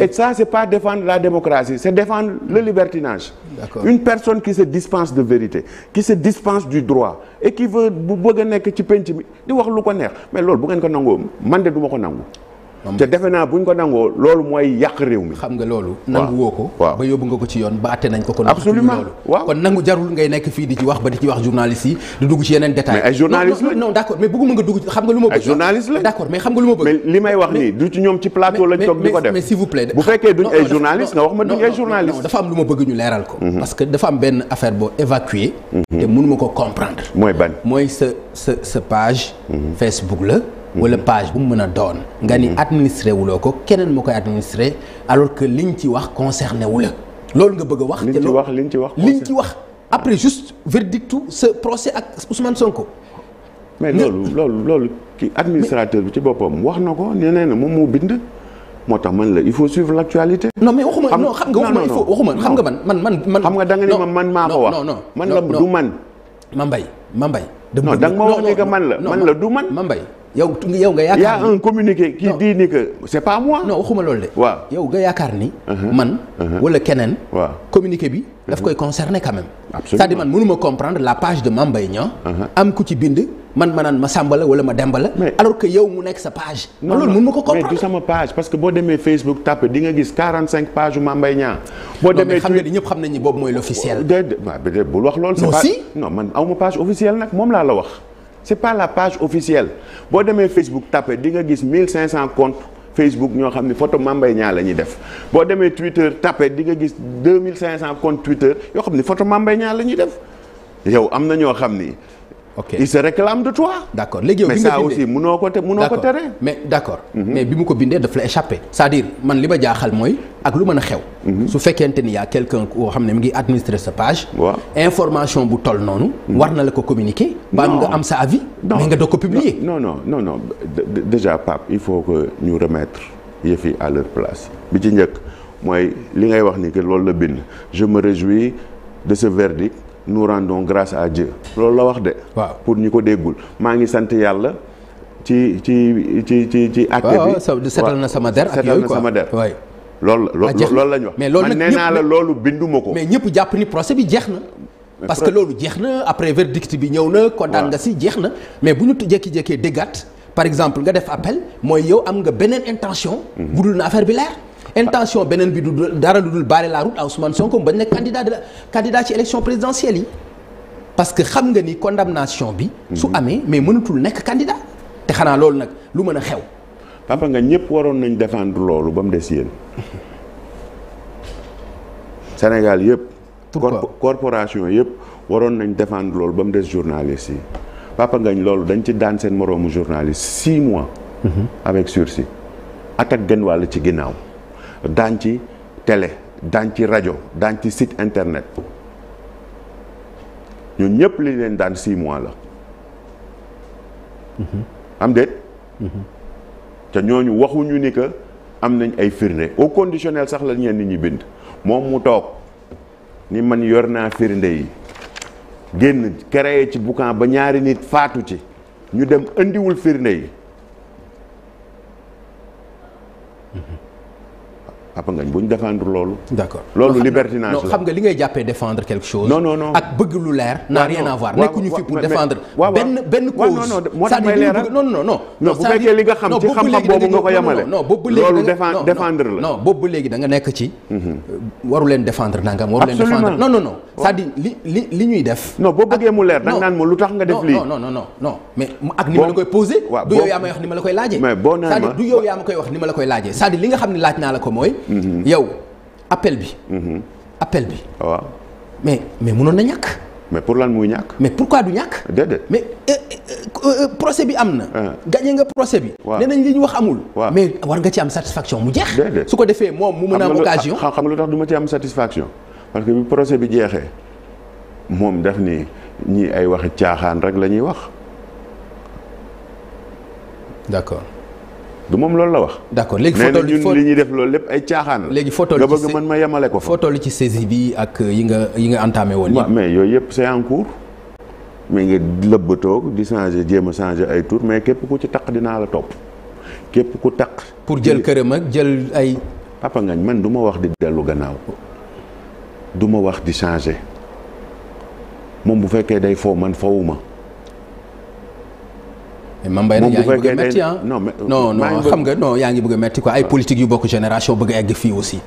Et ça, c'est pas défendre la démocratie, c'est défendre le libertinage. Une personne qui se dispense de vérité, qui se dispense du droit et qui veut bu bëgg nekk ci penc mi di wax lu ko neex mais loolu bu ngeen ko nangoo man de du ma ko nangu. te defe naa buñ ko nangoo loolu mooy yàq réew mi. xam nga loolu. nangu woo ko. ba yóbbu nga ko ci yoon ba atte nañ ko. kon absolument waaw kon nangu jarul ngay nekk fii di ci wax ba di ci wax journaliste yi di dugg ci yeneen détails. mais ay journaliste la non d' accord mais bëgguma nga dugg xam nga lu ma lu ma bëgg. mais li may wax nii du ci ñoom ma dafa am lu ma bëgg leeral ko. Mhm. parce que dafa am benn affaire boo évacuer mhm. te mënuma ko comprendre. mooy ban mooy sa sa sa page. Mhm. Facebook la wala page bu mu mën a doon nga ni mhm. administré wuloo ko keneen moo koy administré alors que li liñ ci wax concerné wu la loolu nga bëgg a wax liñ ci wax liñ ci wax liñ ci wax après juste verdictu ce procès ak Ousmane ko mais loolu loolu loolu ki administrateur bi ci boppam wax na ko nee na moom mu bind moo tax man la il faut suivre l'actualité. non mais waxuma non xam nga waxuma il faut waxuma xam nga man man man. xam nga da nga ni ma man maa ko wax. non man la du man. Mambay Mambay. non da nga ma wax ni que man la man la du man Mambay. yow yow nga yaakaar ni a waxuma loolu de. waaw yow nga yaakaar ni. Uh-huh. man uh-huh. wala keneen. waaw communiqué bi daf uh-huh. koy concerner quand même. absolument c'est-à-dire man mënuma comprendre la page de Mame Mbaye am ku ci bind man ma naan ma Samba la wala ma Demba la. alors que yow mu nekk sa page. non loolu mënuma ko comprendre mais du parce que boo demee Facebook tapé di nga gis 45 pages yu Mame Mbaye Niang. boo demee xam nga ni ñëpp xam nañ ñi boobu mooy l'officiel. déedéet waaw déedéet bul wax loolu. non si non man awma page officielle nag moom laa la wax. c'est pas la page officielle boo demee Facebook tapé di nga gis cent comptes Facebook ñoo xam ni photo Mame Mbaye Niang la ñuy def boo demee Twitter tapé di nga gis 2500 comptes Twitter yoo xam ni photo Mame Mbaye Niang la ñuy def yow am na ñoo xam ni. ok il se réclame de toi. d' accord léegi yow bi nga bindee ko te mënoo ko tere. mais d' accord mhm. mais ko bindee daf la échappé. c' est à dire man li ma jaaxal mooy ak lu mën a xew. Mhm. su fekkente ni y' a quelqu' un koo xam ne mu ngi administrer sa page. waaw information bu toll noonu. Mhm. war na la ko communiquer. ba nga am sa avis. non mais nga doog ko publier. no non non non déjà Pape il faut que ñu remettre yëf yi à leur place bi ci njëkk mooy li ngay wax ni que loolu la bind je me réjouis de ce verdict nous rendons grâce à Dieu loolu la wax de. waaw pour ñu ko déggul maa ngi sant yàlla ci ci ci ci ci. acte bi setal na sama der ak yooyu quoi setal na sama der waay. loolu la ah, loolu la ñu wax mais loolu nag nee naa la loolu binduma ko. mais ñëpp jàpp ni procès bi jeex na. parce que loolu jeex na après verdict bi ñëw na. condamné nga si jeex na mais bu ñu jékki-jékkee dégat par exemple nga def appel mooy yow am nga beneen intention. Mhm. budul na affaire bi leer. intention beneen bi du dara lu dul barrer la route à Ousmane Sonko bañ nekk candidat de la candidat ci élection présidentielle yi parce que xam nga ni condamnation bi. su mhm. amee mais mënatul nekk candidat. te xanaa loolu nag lu mën a xew. papa nga ñëpp waroon nañ défendre loolu ba mu des yéen. Sénégal yëpp. pourquoi corporation yëpp waroon nañ défendre loolu ba mu des journaliste yi papa ngañ loolu dañ ci daan seen moroomu journaliste six mois. Mhm. avec sursis at ak genn wàll ci ginnaaw. daan ci télé daan ci rajo daan ci site internet ñoo ñëpp li leen daan six mois la mm-hmm. am déet mm-hmm. te ñooñu waxuñu ni que am nañ ay firnde o conditionnel sax la ñeen nit ñi bind moom mu toog ni man yor naa firnde yi génn créé ci boucan ba ñaari nit faatu ci ñu dem indiwul firnde yi mm-hmm. Papa Ngagne bu ñu défendre loolu. d'accord loolu libertinage la non xam nga li ngay jàppee défendre quelque chose. ak bëgg lu leer. n'a rien à voir nekkuñu fi pour défendre. benn benn cause. c'est-à-dire li nga xam ci xam-xam boobu nekk ci. Mhm. Euh, waru leen défendre nangam waru leen défendre. def. non boo bëggee mu leer da lu tax nga def lii. non non non non mais ak ni ma la koy posé. du la koy laajee. mais boo nee ma ne laaj naa la ko mooy Mm-hmm. yow appel bi. Mm-hmm. appel bi. waaw mais mais mënoon na ñàkk. mais pour lan muy ñàkk. mais pour pourquoi du ñàkk. déedéet mais euh, euh, euh, procès bi am na. Ah. gagné nga procès bi. waaw nee nañ li ñu wax amul. mais war nga ci am satisfaction mu jeex. déedéet su ko defee moom mu mën a am occasion. xam nga lu tax du ci am satisfaction. parce que bi procès bi jeexee moom daf ni ñii ay waxi caaxaan rek la ñuy wax. d'accord. du moom loolu la wax. d'accord léegi photo li ñun li ñuy def loolu ay caaxaan la. léegi photo li nga bëgg man ma ko fa. photo li ci saisie bi ak yi nga yi nga entamé woon. waaw mais yooyu yëpp c'est en cours mais nga toog di changer jéem a changer ay tour mais képp ku ci taq dinaa la topp képp ku taq. pour jël këram ak jël ay. papa ngañ man du ma wax di dellu gannaaw du ma wax di changer moom bu fekkee day foo man fowuma mais Mame nag yaa ngi bëgg a metti ah non non euh, xam nga non yaa ngi bëgg a metti quoi ay politique yu bokk génération bëgg a egg fii aussi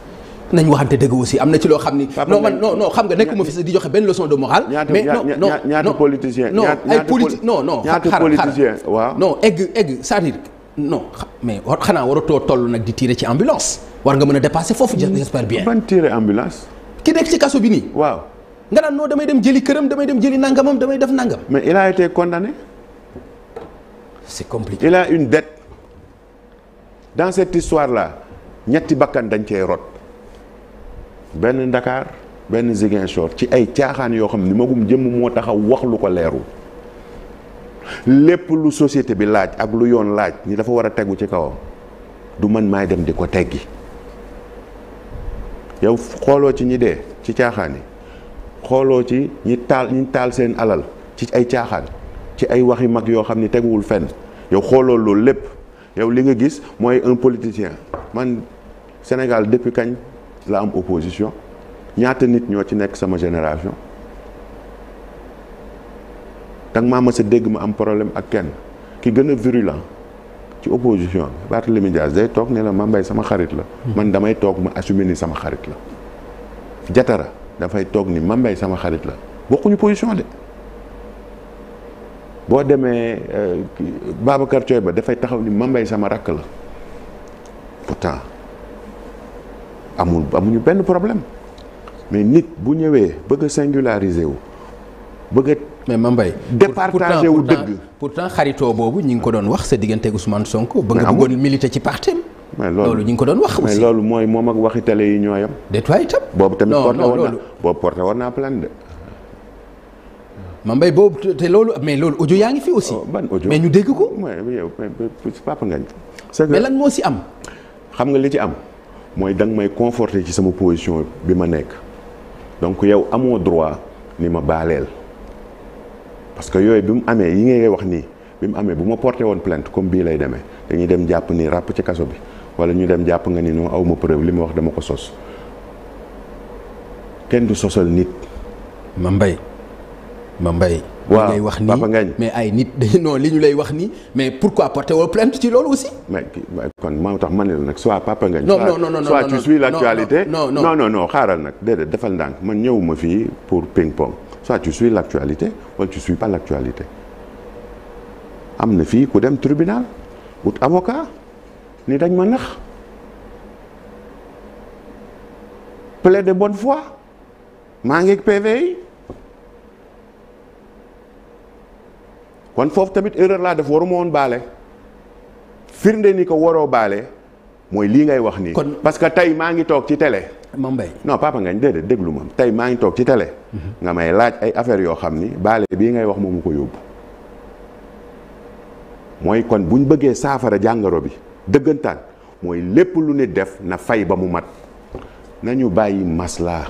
nañ waxante dëgg aussi am na ci loo xam ni non man non xam nga nekk ma fi di joxe benn leçon de morale mais non non ñaata politicien non egg egg c'est-à-dire non mais xanaa waratoo toll nag di tirer ci ambulance war nga mën a dépasser foofu j'espère bien ban tirer ki nekk ci kaso bi nii waaw nga naan non damay dem jëli këram damay dem jëli nangamam damay def nangam mais il a c'est compliqué il a une dette dans cette histoire là ñetti bakkan dañ cee rot benn ndakaar benn Ziguinchor ci ay caaxaan yoo xam ni magum jëmm moo taxaw wax lu ko leeru lépp lu société bi laaj ak lu yoon laaj ni dafa war a tegu ci kawam du man maay dem di ko teggi yow xooloo ci ñi dee ci caaxaan yi xooloo ci ñi taal ñi taal seen alal ci ay caaxaan ci ay waxi mag yoo xam ni teguwul fen yow xooloo loolu lépp yow li nga gis mooy un politicien man Sénégal depuis kañ la am opposition ñaata nit ñoo ci nekk sama génération danga maa mës a dégg ma am problème ak kenn ki gën a virulent ci opposition bi Barthélémy Dias day toog ne la ma mbay sama xarit la. Hmm. man damay toog ma assumer ni sama xarit la. jatara dafay toog ni ma mbay sama xarit la bokkuñu position de. boo demee euh, Babacar Thioye ba dafay taxaw ni Mambay sama rakk la pourtant amul amuñu benn problème mais nit bu ñëwee bëgg a singulariser wu bëgg a. mais Mambay. départager wu dëgg pourtant xaritoo boobu ñi ngi ko doon wax sa diggante Ousmane Sonko. ba nga bëggoon militer ci partem mais loolu ñu ngi ko doon wax aussi mais loolu mooy moom ak waxi télé yi ñooyam. déet waay itam. boobu tamit porté woon naa boobu naa plainte de. ma mbay boobu te loolu mais loolu audio yaa ngi fi aussi. Oh, ban audio mais ñu dégg ko. papa ngañ. c'est que mais lan moo si am. xam nga li ci am mooy danga may conforter ci sama position bi ma nekk donc yow amoo droit ni ma baaleel parce que yooyu bi mu amee yi nga wax nii bi mu amee bu ma porté woon plant comme bii lay demee dañuy dem jàpp ni ràpp ci kaso bi wala ñu dem jàpp nga ni non aw ma preuve li ma wax dama ko sos kenn du sosal nit. ma mbay. ma mbay. waaw ngay wax nii mais ay nit non li ñu lay wax nii mais pourquoi porter woo plainte ci loolu aussi. mais kon moo tax ma ne la nag soit Papa Ngagne. non non non non soit tu xaaral nag defal ndànk man ñëwuma fii pour ping pong soit tu suis l'actualité wala tu suis pas l'actualité am na fii ku dem tribunal wut avocat ni dañ ma nax plaide de foi maa ngi PV kon foofu tamit erreur laa def waruma woon baale firnde ni ko waroo baale mooy lii ngay wax nii. kon parce que tey maa ngi toog ci tele Mame Mbaye non papa ngañ déedéet déglu ma tey maa ngi toog ci télé. Mhm. nga may laaj ay affaires yoo xam ni baale bii ngay wax moomu ko yóbbu. mooy kon buñ bëggee saafara jàngoro bi dëggantaan mooy lépp lu nit def na fay ba mu mat na ñu bàyyi maslaa.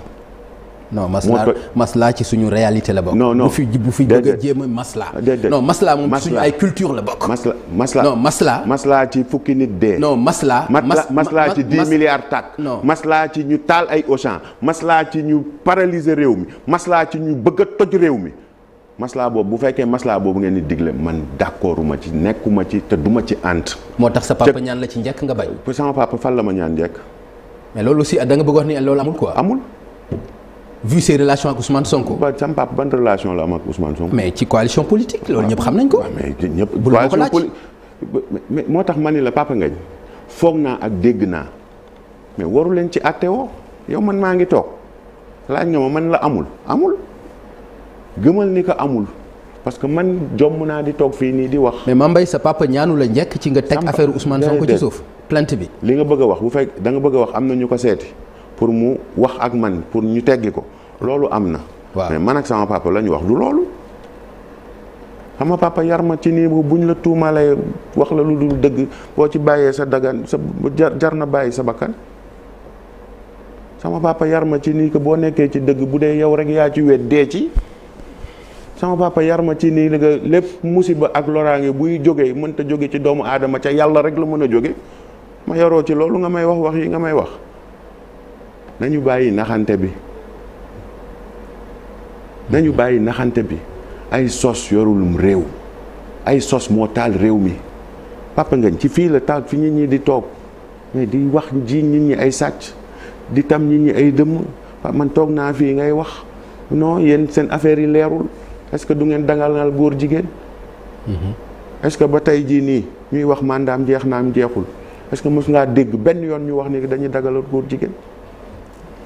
non maslaa maslaa ci suñu réalité la bokk. non bu fi bu fi bëgg a jéem a maslaa. non moom suñu ay culture la bokk. masla maslaa non maslaa. maslaa ci fukki nit dee. non maslaa. mas maslaa ci dix milliards tàkk. non maslaa ci ñu taal ay Auchan maslaa ci ñu paralyser réew mi maslaa ci ñu bëgg a toj réew mi. maslaa boobu bu fekkee maslaa boobu ngeen di digle man d'accorduma ci nekkuma ci te duma ci ànd. moo tax sa papa ñaan la ci njëkk nga bañ. sama papa fan la ma ñaan njëkk. mais loolu aussi da nga bëgg wax ni loolu amul vu ses ak Ousmane Sonko. waaw sam papa ban relation la am ak Ousmane Sonko. mais ci coalition politique loolu ñëpp xam nañ ko. mais moo tax man ni la papa Ngagne foog naa ak dégg naa mais waru leen ci àtte yow man maa ngi toog laaj nga ma man la amul amul gëmal ni ko amul. parce que man jomm naa di toog fii nii di wax. mais Mame Mbaye sa papa ñaanu la njëkk ci nga teg affaire Ousmane Sonko ci suuf plainte bi. li nga bëgg a wax bu fekk da nga bëgg a wax am na ñu ko seeti. pour mu wax ak man pour ñu teggi ko loolu am na. waaw man ak sama papa la ñu wax lu loolu. sama papa yar ma ci nii buñ la tuumalee wax la lu dëgg boo ci bàyyee sa dagan sa jar na bàyyi sa bakkan sama papa yar ma ci nii boo nekkee ci dëgg bu dee yow rek yaa ci wet dee ci. sama papa yar ma ci nii nga lépp musiba ak loraange buy jógee mënta jóge ci doomu aadama ca yàlla rek la mën a jóge ma yaroo ci loolu nga may wax wax yi nga may wax. nañu bàyyi naxante bi nañu bàyyi naxante bi ay sos yorulum réew ay sos moo taal réew mi papa ngañ ci fii la taal fi ñi ñi di toog mais di wax ji nit ñi ay sàcc di tam ñi ñi ay dëmm man toog naa fii ngay wax non yéen seen affaire yi leerul est-ce du ngeen dangalal góor jigéen mm-hmm. est-ce que ba tey jii nii ñuy wax mandaam jeex naam jeexul est-ce que mës ngaa dégg benn yoon ñu wax ni dañuy dagalal góor jigéen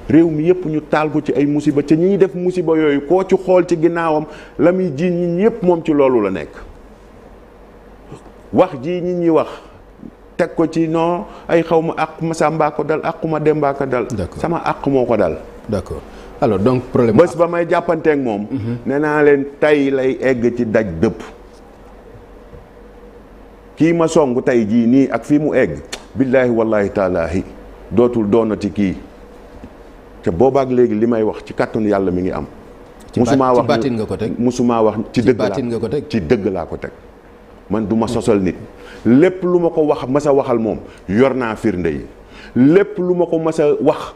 réew mi yépp ñu taal ko ci ay musiba ci ñi def musiba yooyu koo ci xool ci ginnaawam la muy ji ñi ñëpp moom ci loolu la nekk wax jii ñi ñi wax teg ko ci non ay xaw ma àq ma ko dal àq ma dembaa dal sama àq moo ko dal d'accord donc problème ba may jàppanteeg moom mm-hmm. ne naa leen tey lay egg ci daj dëpp kii ma song tey jii nii ak fii mu egg billaahi wallaahi taalaahi dootul doonati kii te boobaak léegi li may wax ci kàttanu yàlla mi ngi am. musumaa wax ci nga ko teg musumaa wax ci dëgg laa nga ko teg ci dëgg teg man du ma sosal nit lépp lu ma ko wax masa waxal moom yor naa firnde yi lépp lu ma ko mas a wax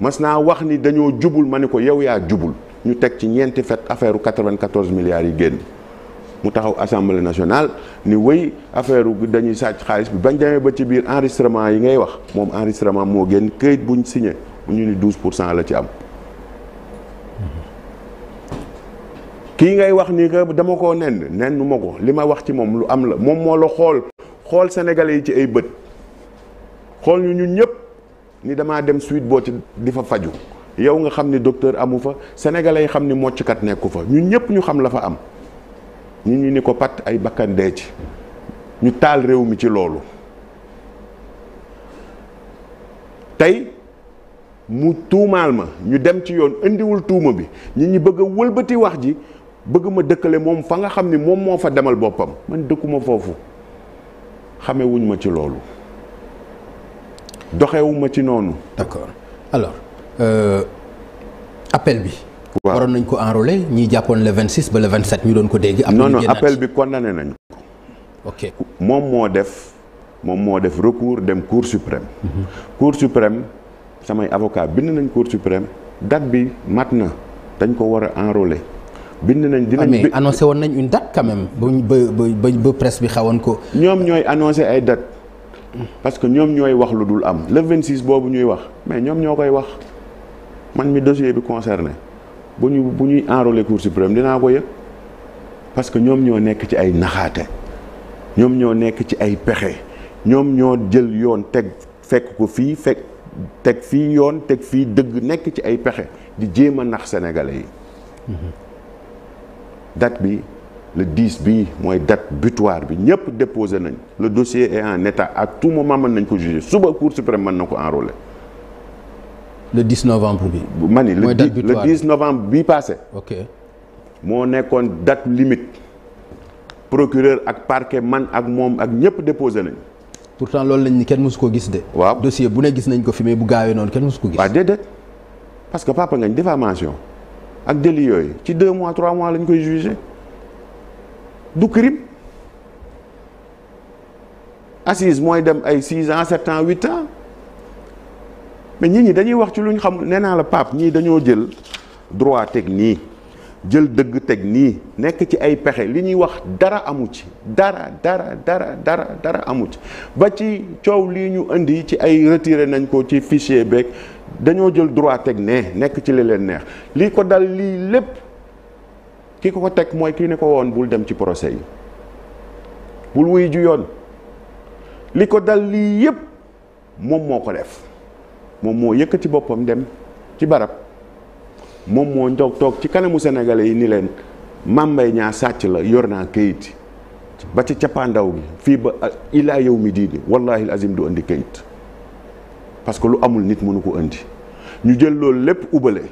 mas naa wax ni dañoo jubul ma ne ko yow yaa jubul ñu teg ci ñeenti fet affaire u 94 milliards yi génn mu taxaw assemblée national ni wéy affaire u dañuy sàcc xaalis bi bañ demee ba ci biir enregistrement yi ngay wax moom enregistrement moo génn këyit buñ signé ñu ni 12 pour cent la ci am. kii ngay wax ni que dama koo nen nen ma ko li ma wax ci moom lu am la moom moo la xool xool sénégalais yi ci ay bët xool ñu ñu ñëpp ni damaa dem suite boo ci di fa faju yow nga xam ni docteur amu fa sénégalais yi xam ni mocckat nekku fa ñun ñëpp ñu xam la fa am ñu ñu ni ko pat ay bakkan ci ñu taal réew mi ci loolu tey mu tuumaal ma ñu dem ci yoon indiwul tuuma bi ñi ñi bëgg wëlbati wax ji bëgg ma dëkkale moom fa nga xam ni moom moo fa demal boppam man dëkkuma foofu xame wuñ ma ci loolu doxewuma ci noonu. d'accord alors euh, appel bi. waaw waroon nañ ko enrôler ñi jàppoon le 26 ba le 27 ñu doon ko dégg. am non non appel bi condamné nañ ko. ok moom moo def moom moo def recours dem cour suprême. Mmh. cour samay avocat bind nañ cour suprême date bi mat na dañ ko war a enrôler bind nañ dinañ ah, mais annoncé woon nañ une date quand même ba ba ba presse bi xawoon ko. ñoom ñooy annoncé ay date parce que ñoom ñooy wax lu dul am le 26 boobu ñuy wax mais ñoom ñoo koy wax man mi dossier bi concerné bu ñu bu ñuy enrôler cour suprême dinaa ko yëg parce que ñoom ñoo nekk ci ay naxaate ñoom ñoo nekk ci ay pexe ñoom ñoo jël yoon teg fekk ko fii fekk. teg fii yoon teg fii dëgg nekk ci ay pexe di jéem a nax sénégalais yi mhm. date bi le 10 bi mooy date butoir bi ñëpp déposé nañ le dossier est en ak à tout moment mën nañ ko juger suba cour suprême mën na ko enrôler le 10 novembre bi ma ni le 10 novembre bi passé ok moo nekkoon date limite procureur ak parquet man ak moom ak ñëpp déposé nañ pourtant loolu lañ ni kenn mosu ko gis de. waaw dossier bu ne gis nañ ko fi mais bu gaawee noonu kenn mosu ko gis. waaw déedéet parce que papa ngañ diffamation ak délit yooyu ci deux mois trois mois lañ koy jugé du crime assise mooy dem ay six ans sept ans huit ans mais nit ñi dañuy wax ci luñ xamul nee naa la pap ñii dañoo jël droit teg nii jël dëgg teg nii nekk ci ay pexe li ñuy wax dara amu ci dara dara dara dara dara amu ci ba ci coow lii ñu indi ci ay retiré nañ ko ci fichier beeg dañoo jël droit teg nee nekk ci li leen neex lii ko dal lii lépp ki ko ko teg mooy ki ne ko woon bul dem ci procès yi bul wuy ju yoon li ko dal lii yépp moom moo ko def moom moo yëkkati boppam dem ci barab moom moo njog toog ci kanamu sénégalais yi ni leen Mame ñaa sàcc la yor naa kayit ba ci cappaandaw gi fii ba ilaa yow mi diini wallahi azim du andi kayit parce que lu amul nit mënu ko andi ñu jël loolu lépp ubale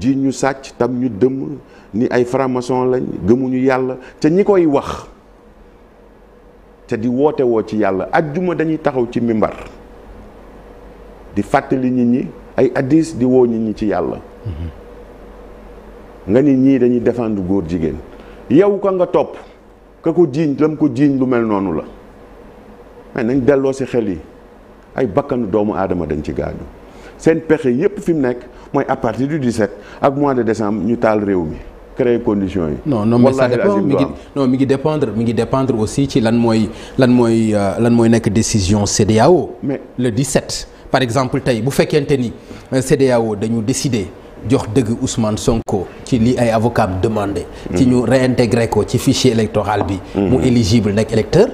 ji ñu sàcc tam ñu dëmm ni ay franc-maçon lañ gëmuñu yàlla te ñi koy wax te di woote woo ci yàlla ajjuma dañuy taxaw ci mimbar di fàttali nit ñi ay addis di woo nit ñi ci yàlla mm-hmm. nga ni ñii dañuy défendre góor jigéen yow ka nga topp ka ko jiiñ lam ko jiiñ lu mel noonu la mais nañ delloo si xel yi ay bakkanu doomu aadama dañ ci gaadu seen pexe yépp fi mu nekk mooy à partir du 17 ak mois de décembre ñu taal réew mi créer condition yi. non non mais ça mi ngi non mi ngi dépendre mi ngi dépendre aussi ci lan mooy lan mooy euh, lan mooy nekk décision CEDEAO. mais le 17 par exemple tey bu fekkente ni euh, CEDEAO dañu décider. jox dëgg Ousmane Sonko ci li ay avocat demandé ci ñu réintégré ko ci fichier électoral bi mu éligible nekk électeur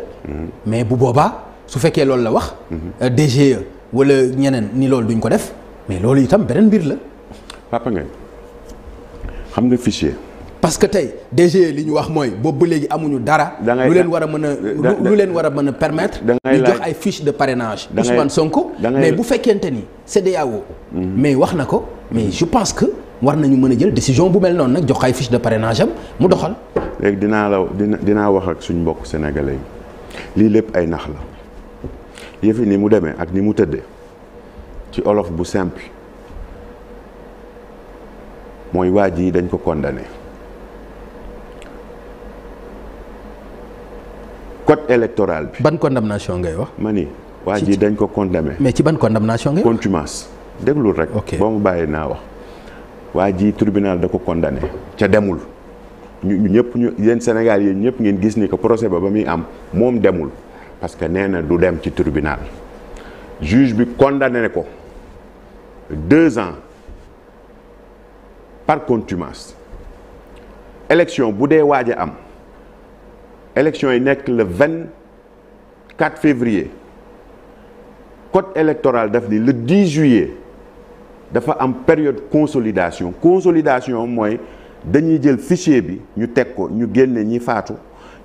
mais bu boobaa su fekkee loolu la wax DGE wala ñeneen ni loolu duñ ko def mais loolu itam beneen mbir la Papa Ngagne xam nga fichier parce que tey DG li ñu wax mooy boobu ba léegi amuñu dara. lu leen war a mën a lu leen war a mën a permettre. ñu jox ay fiche de parrainage. Ousmane Sonko mais bu fekkente ni CEDEAO. Mhm. mais wax na ko mais je pense que war nañu mën a jël décision bu mel noonu nag jox ay fiche de parrainage mu doxal. léegi dinaa la dina dinaa wax ak suñu mbokk sénégalais yi lii lépp ay nax la yëfi ni mu demee ak ni mu tëddee ci olof bu simple mooy waa ji dañ ko condamné. code électoral bi. ban condamnation ngay wax. ma ni waa ji dañ ko condamné. mais ci ban condamnation ngay wax contumace déglul rek. ok boo mu bàyyi naa wax. waa jii tribunal da ko condamné ca demul ñu ñëpp ñu yéen Sénégal yéen ñëpp ngeen gis ni ko procès ba ba muy am moom demul parce que nee na du dem ci tribunal le juge bi condamné ko deux ans par contumace élection bu dee waaj a am. élection yi nekk le quatre février code électoral daf ni le 10 juillet dafa am période consolidation consolidation mooy dañuy jël fichier bi ñu teg ko ñu génne ñi faatu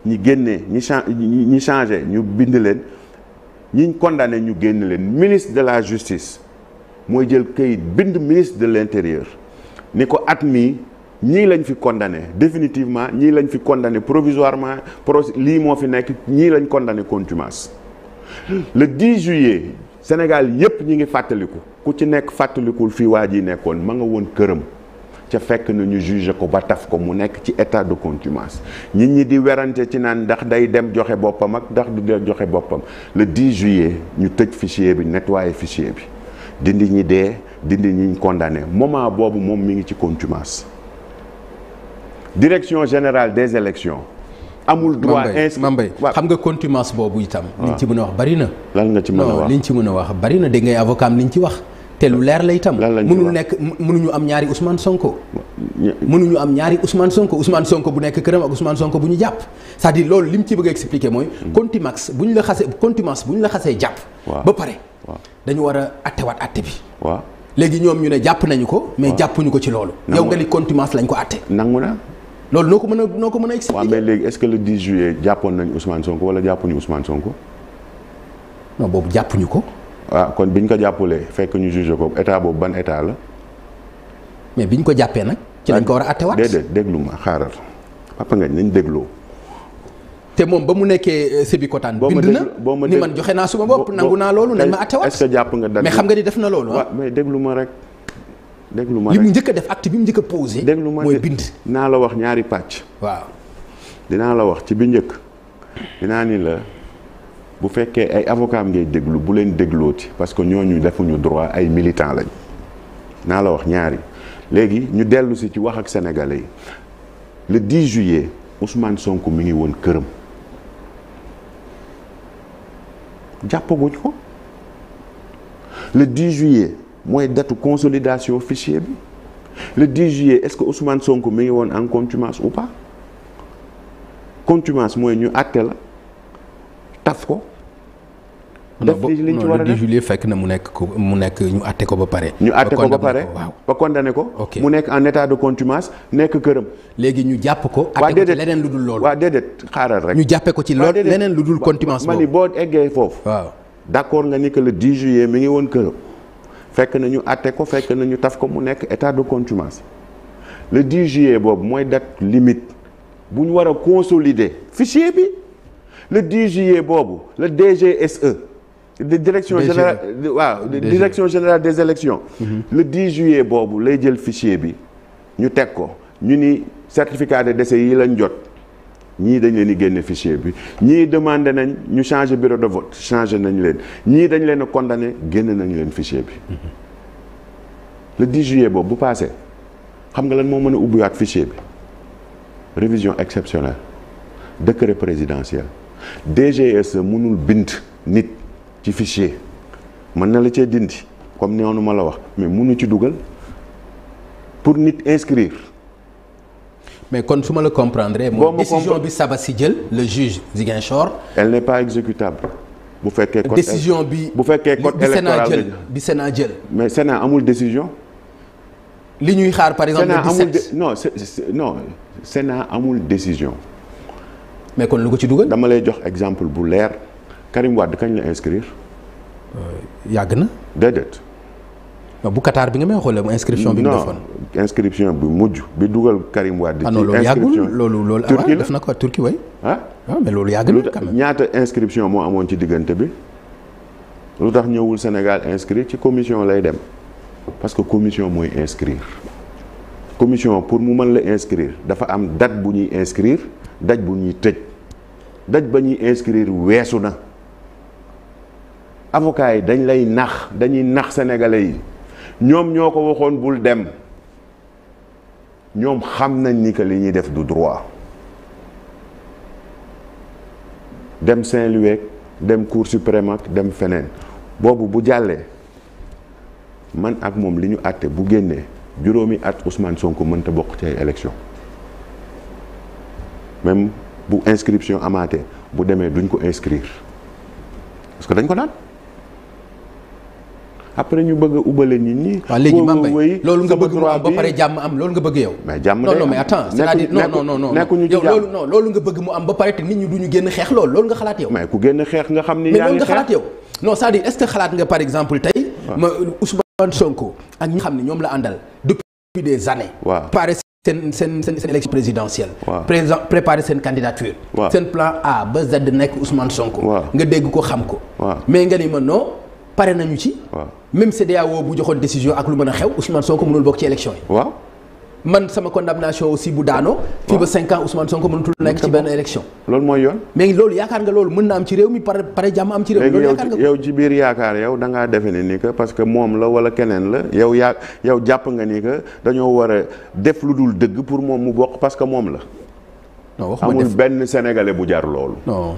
ñi génne ñi cha ñi changé ñu bind leen ñi condamné ñu génn leen ministre de la justice mooy jël kayit bind ministre de l'intérieur ni ko at mii ñii lañ fi condamné définitivement ñii lañ fi condamné provisoirement pro lii moo fi nekk ñii lañ condamné contumace le 10 juillet Sénégal yépp ñi ngi fàttaliku ku ci nekk fàttalikul fii waa ji nekkoon ma nga woon këram ca fekk na ñu juge ko ba taf ko mu nekk ci état de contumace nit ñi di werante ci naan ndax day dem joxe boppam ak ndax du joxe boppam le 10 juillet ñu tëj fichier bi nettoyé fichier bi dindi ñi dee dindi ñi condamné moment boobu moom mi ngi ci contumace direction générale des élections amul droit inscrit Mambay xam nga contumace boobu itam. li ñu ci mën wax bari na. lan nga ci mën wax li ñu ci mën a wax bari na dégg ngay avocat am li ñu ci wax. te lu leer la itam. lan nekk mënuñu am ñaari Ousmane Sonko. mënuñu am ñaari Ousmane Sonko Ousmane Sonko bu nekk këram ak Sonko bu ñu jàpp. cest loolu li mu ci bëgg a expliquer mooy. Hmm. contumace bu ñu la xasee contumace bu la xasee jàpp. ba pare dañu war a attewaat atte bi. waaw léegi ñoom ñu ne jàpp nañu ko. mais jàppuñu ko ci loolu. yow nga li contumace lañ ko atte nangu na loolu noo ko mën a noo ko mën a expliquer. waaw mais léegi est-ce que le 10 juillet jàppoon nañ Ousmane Sonko wala jàppuñu Ousmane Sonko. non boobu jàppuñu ko. waaw ah, kon biñ ko jàppulee fekk ñu jugé ko état boobu ban état la. mais ñu ko jàppee nag. ci lañ ko war a attewaat déedéet déglu ma xaaral papa nga nañ dégloo. te moom ba mu nekkee euh, Sébikotane. bind na ni man joxe naa suma bopp nangu naa loolu nañ ma attewaat. est-ce que jàpp nga date mais xam nga ni def na loolu. Ah. mais déglu ma rek. déglu ma li mu njëkk a def acte bi mu njëkk a posé. déglu ma mooy bind. la wax ñaari pàcc. waaw dinaa la wax ci bi njëkk dinaa ni la bu fekkee ay avocam ngay déglu bu leen déglooti parce que ñoo ñooñu defuñu droit ay militant lañ naa la wax ñaari léegi ñu dellu si ci wax ak sénégalais yi le juillet Ousmane sonk mi ngi woon këram jàppaguñ ko le 10 juillet. mooy datu consolidation fichier bi le 10 juillet est-ce que Ousmane Sonko mi ngi woon en contumace ou pas contumace mooy ñu àtte la taf ko. def li ñu ci juillet fekk na mu nekk ko mu nekk ñu àtte ko ba pare. ñu àtte ko ba pare ba condamné ko. mu nekk en état de contumace nekk këram. léegi ñu jàpp ko. waa déedéet àtte leneen lu dul loolu. waa déedéet xaaral rek. ñu jàppe ko ci loolu leneen lu dul contumace boobu. ma boo eggee foofu. waaw d'accord nga ni que le 10 juillet mi ngi woon këram. fekk na ñu àtte ko fekk na ñu taf ko mu nekk état de contumace le 10 juillet boobu mooy date limite bu ñu war a consolider fichier bi le 10 juillet boobu le DGSE. de direction e. générale waaw e. direction générale des élections mhm. le 10 juillet boobu lay jël fichier bi ñu teg ko ñu ni certificat de décès yi lañ jot. ñii dañ leen di génne fichier bi ñii demandé nañ ñu changé bureau de vote changé nañ leen ñii dañ leen a condamné génne nañ leen fichier bi le 10 juillet boobu bu paasee xam nga lan moo mën a ubbiwaat fichier bi révision exceptionnelle décret présidentiel DGSE mënul bind nit ci fichier mën na la cee dindi comme noonu ma la wax mais munu ci dugal pour nit inscrire mais kon su ma la comprendre. moom décision bi Sabassi jël le juge Ziguinchor. elle n'est pas exécutable. bu fekkee code décision bi bu fekkee code électoral bi bi Sénat jël mais Sénat amul décision. li ñuy xaar par exemple. amul non non Sénat amul décision. mais kon lu ko ci dugal. dama lay jox exemple bu leer Karim Wade kañ la inscrire. Euh, yàgg na. déedéet. bu Qatar bi nga may xoolee mu inscription bi ñu defoon. inscription bi mujj bi dugal Karim Wade. Ah ci inscription loolu loolu Turquie def na ko Turquie way ah waaw ah, mais loolu yàgg na ñaata inscription moo amoon ci diggante bi lu tax ñëwul Sénégal inscrit ci commission lay dem parce que commission mooy inscrire commission pour mu mën la inscrire dafa am date bu ñuy inscrire daj bu ñuy tëj daj ba ñuy inscrire weesu na avocats yi dañ lay nax dañuy nax sénégalais yi ñoom ñoo ko waxoon bul dem ñoom xam nañ ni que li ñuy def du droit dem Saint-Louis dem Cour suprême ak dem feneen boobu bu jàllee man ak moom li ñu àtte bu génnee juróomi at Ousmane Sonko mënta bokk ci ay élection même bu inscription amaatee bu demee duñ ko inscrire parce que dañ ko daan après ñu bëgg a nit ñi. léegi Mame loolu nga bëgg ba pare am loolu nga bëgg yow. mais jàmm day am non non mais attends cest mu am ba pare te nit ñi duñu génn xeex loolu loolu nga xalaat yow. mais ku génn xeex nga xam ni. yaa ngi xeex mais loolu nga xalaat yow par exemple tey. ñoom la àndal depuis des années. pare seen seen seen seen élection présidentielle. waaw président préparer seen candidature. seen plan A ba Z nekk Ousmane Sonko. nga dégg ko xam ko. mais nga ni ma non pare nañu ci. waaw même CEDEAO bu joxoon décision ak lu mën a xew Ousmane Sonko mënul bokk ci élection yi. waaw man sama condamnation aussi bu daanoo. fii ba 5 ans Ousmane Sonko mënatul nekk ci benn élection. loolu mooy yoon. mais loolu yaakaar nga loolu mën na am ci réew mi pare pare jàmm am ci réew mi. loolu yaakaar nga yow ci biir yaakaar yow da ngaa defe ne ni que parce que moom la wala keneen la yow yaa yow jàpp nga ni que dañoo war a def lu dul dëgg pour moom mu bokk parce que moom la. non amul benn sénégalais bu jar loolu. non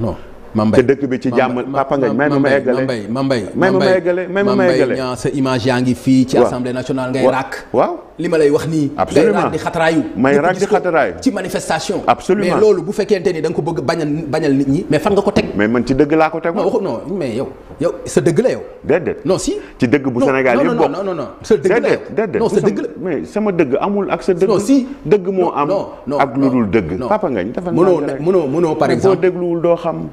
ci dëkk bi ci jàmm papa ngañ may ma ma eggale ma mbay may ma ma eggale may ma ma eggale ñaa sa image yaa ngi fii ci assemblée nationale ngay ràkk waaw li ma lay wax nii absolument ngay ràkk di xataraayu may ràkk di xataraayu ci manifestation absolument mais loolu bu fekkente ni da nga ko bëgg bañal bañal nit ñi mais fan nga ko teg mais man ci dëgg laa ko teg non waxu non mais yow yow sa dëgg la yow déedéet non si ci dëgg bu Sénégal yëpp bokk non non non sa dëgg la yow déedéet non sa dëgg la mais sama dëgg amul ak sa dëgg non si dëgg moo am ak lu dul dëgg papa ngañ dafa mënoo mënoo par exemple boo dégluwul doo xam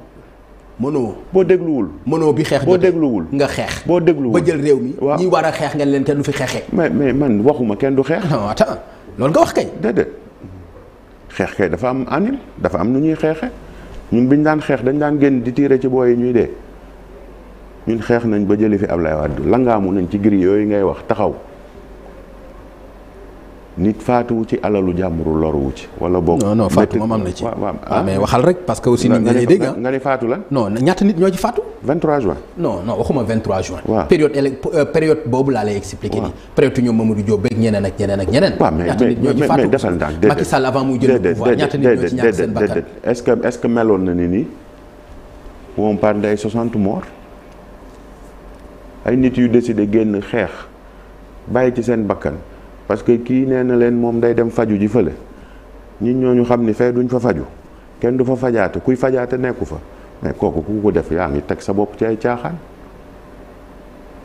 mënoo boo dégluwul mënoo bi xeex boo dégluwul nga xeex boo dégluwul ba jël réew mi waaw ñi war a xeex ngeen leen kenn du fi xeexee mais mais man waxuma kenn du xeex non attends loolu nga wax kay déedéet xeex kay dafa am anil dafa am nu ñuy xeexe ñun biñ daan xeex dañu daan génn di tiire ci booy yi ñuy dee ñun xeex nañ ba jëli fi Ablaye Wade langaamu nañ ci giri yooyu ngay wax taxaw nit faatuwu ci alalu jàmburu loruwu ci. wala boog non non faatu moom am na ci. waaw ah, ah. mais waxal rek parce que aussi. nit ñi dañuy dégg ah. nga ne faatu la. non ñaata nit ñoo ci faatu. 23 juin. non non waxuma 23 juin. waaw période ele euh, période boobu laa lay expliquer nii. période ñoom Mamadou Diop beeg ñeneen ak ñeneen ak ñeneen. waaw mais mais mais defal ndànk déedéet Macky Sall avant muy jël pouvoir ñaata nit ñoo ci ñàkk seen bakkan est-ce que est nii on parle day 60 bakkan parce que kii nee na leen moom day dem faju ji fële ñoo ñu xam ni fee duñ fa faju kenn du fa fajaate kuy fajaate nekku fa mais kooku ku ko def yaa ngi teg sa bopp ci ay caaxaan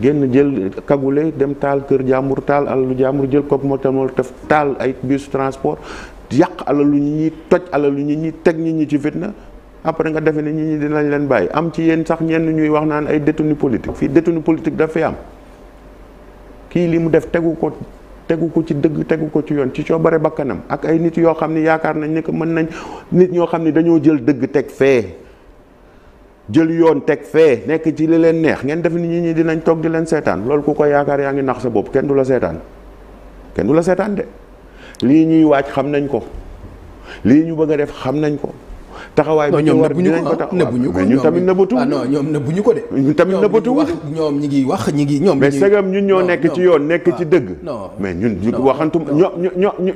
génn jël kagule dem taal kër jàmbur taal alalu jàmbur jël kopp motamol def taal ay bus transport yàq alalu ñi ñi toj alalu ñi ñi teg ñi ñi ci fitna après nga defe ne ñi ñi dinañ leen bàyyi am ci yéen sax ñenn ñuy wax naan ay détenu politique fii détenu politique daf fi am kii li mu def tegu ko tegu ko ci dëgg tegu ko ci yoon ci coobare bakkanam ak ay nit yoo xam ne yaakaar nañ ne que mën nañ nit ñoo xam ne dañoo jël dëgg teg fee jël yoon teg fee nekk ci li leen neex ngeen def nit ñi ñi dinañ toog di leen seetaan loolu ku ko yaakaar yaa ngi nax sa bopp kenn du la seetaan kenn du la seetaan de lii ñuy waaj xam nañ ko lii ñu bëgg a def xam nañ ko taxawaay bi ñu war dinañ ko ah, taxaw mais ñun tamit nëbbatu ah, non ñoom nëbbuñu ko de ñun tamit nëbbatu ñoom ñi ngi wax ñi ngi ñoom mais segam ñun ñoo nekk ci yoon nekk ah, ci dëgg mais ñun ñu waxantum ñoo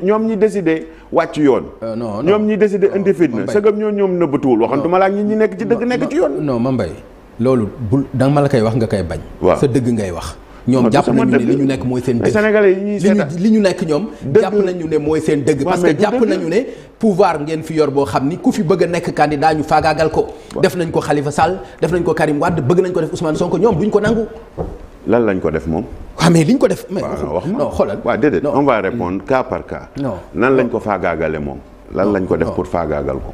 ñoom ñi décidé wàcc yoon euh, ñoom ñi décidé indi fitna ñoo ñoom nëbbatuwul waxantuma laa ñi ñi nekk ci dëgg nekk yoon non ma mbay loolu bul danga ma la koy wax nga koy bañ sa dëgg ngay wax ñoom jàpp nañu ne li ñu nekk mooy seen dëgg li ñu nekk ñoom jàpp nañu ne mooy seen dëgg parce que jàpp nañu ne pouvoir ngeen fi yor boo xam ni ku fi bëgg a nekk candidat ñu faagaagal ko def nañ ko Khalifa Sall def nañ ko Karim Wade bëgg nañ ko def Ousmane Sonko ñoom duñ ko nangu lan lañ ko def moom waaw ah, mais liñ ko def mais wax ma non xoolal waaw déedéet on va répondre mm. cas par cas nan lañ ko faagaagale moom lan lañ ko def pour faagaagal ko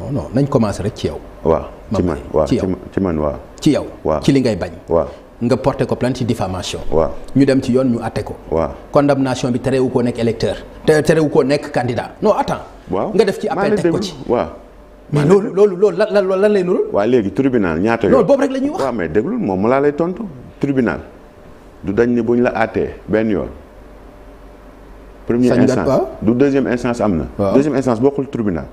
non non nañ commencé rek ci yow waaw ci man waaw ci man waaw ci yow ci li ngay bañ waaw nga porté ko plainte ci diffamation waaw ñu dem ci yoon ñu atte ko waaw condamnation bi terewu ko nekk électeur te terewu koo nekk candidat noo attends waaw nga def ci appel teg ko ci waaw mais loolu loolu loolu lan lan lan lay nurul waa léegi tribunal ñaata yoon loolu boobu rek la ñuy wax waaw mais déglul moom mu laa lay tontu tribunal du dañ ne bu ñu la àttee benn yoon première instance du deuxième instance am na waaw. deuxième instance bokkul tribunal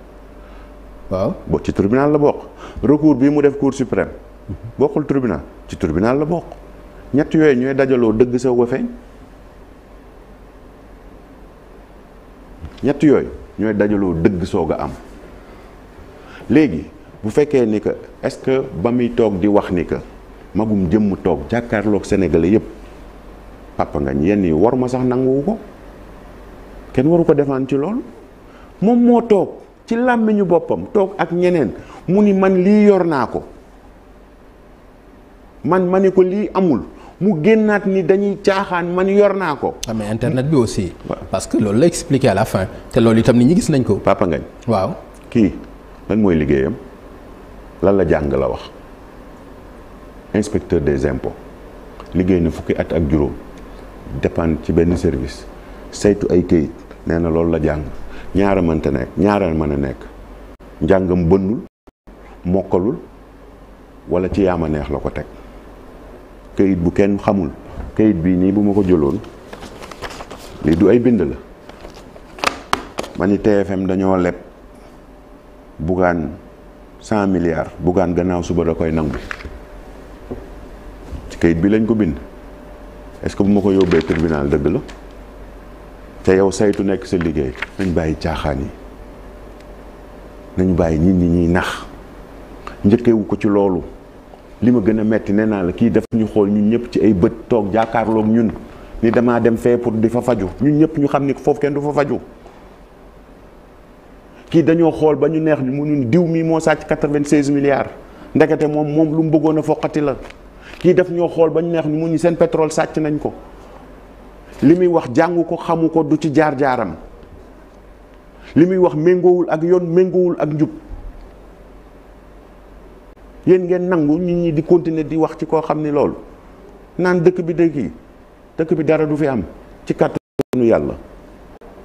waaw bo ci tribunal la bokk recours bii mu def cour suprême mhm. bokkul tribunal ci tribunal la bokk ñett yooyu ñooy dajaloo dëgg sa wa feeñ ñett yooyu ñooy dajaloo dëgg soog a am léegi bu fekkee ni que est-ce que ba muy toog di wax ni que magum jëmm toog jàkkaarloog sénégalais yépp papa nga yenn yi war ma sax nanguwu ko kenn waru ko defaan ci loolu moom moo toog ci làmmiñu boppam toog ak ñeneen mu ni man lii yor naa ko man ma ni ko lii amul mu génnaat ni dañuy caaxaan man yor naa ko. Ah, mais internet bi aussi. parce que loolu la expliqué à la fin te loolu itam nit ñu gis nañ ko. Papa Ngagne waaw. kii lan mooy liggéeyam lan la jàng la wax inspecteur des impôts liggéey na fukki at ak juróom dépend ci benn service saytu ay kayit nee na loolu la jàng ñaara mënta nekk ñaara mën a nekk njàngam bënnul mokkalul walla ci yaama neex la ko teg. kayit bu kenn xamul kayit bi nii bu ma ko jëloon lii du ay bind la ma ni TFM dañoo leb Bougane cent milliards Bougane gannaaw suba da koy nangu ci kayit bi lañ ko bind est-ce que bu ma ko yóbbee tribunal dëgg la te yow saytu nekk sa liggéey nañ bàyyi caaxaan yi nañ bàyyi nit ñi ñuy nax njëkkewu ko ci loolu li ma gën a metti nee naa la kii daf ñu xool ñun ñëpp ci ay bët toog jàkkaarloog ñun ni damaa dem fee pour di fa faju ñun ñëpp ñu xam ni foofu kenn du fa faju kii dañoo xool ba ñu neex mu ñun diw mii moo sàcc 96 milliards ndekete moom moom lu mu bëggoon a foqati la kii daf ñoo xool ba ñu neex mu ñu seen pétrole sàcc nañ ko li muy wax jàngu ko xamu ko du ci jaar-jaaram li muy wax méngoowul ak yoon méngoowul ak njub yéen ngeen nangu nit ñi di continuer di wax ci koo xam ni loolu naan dëkk bi dëkk yi dëkk bi dara du fi am ci kàttanu yàlla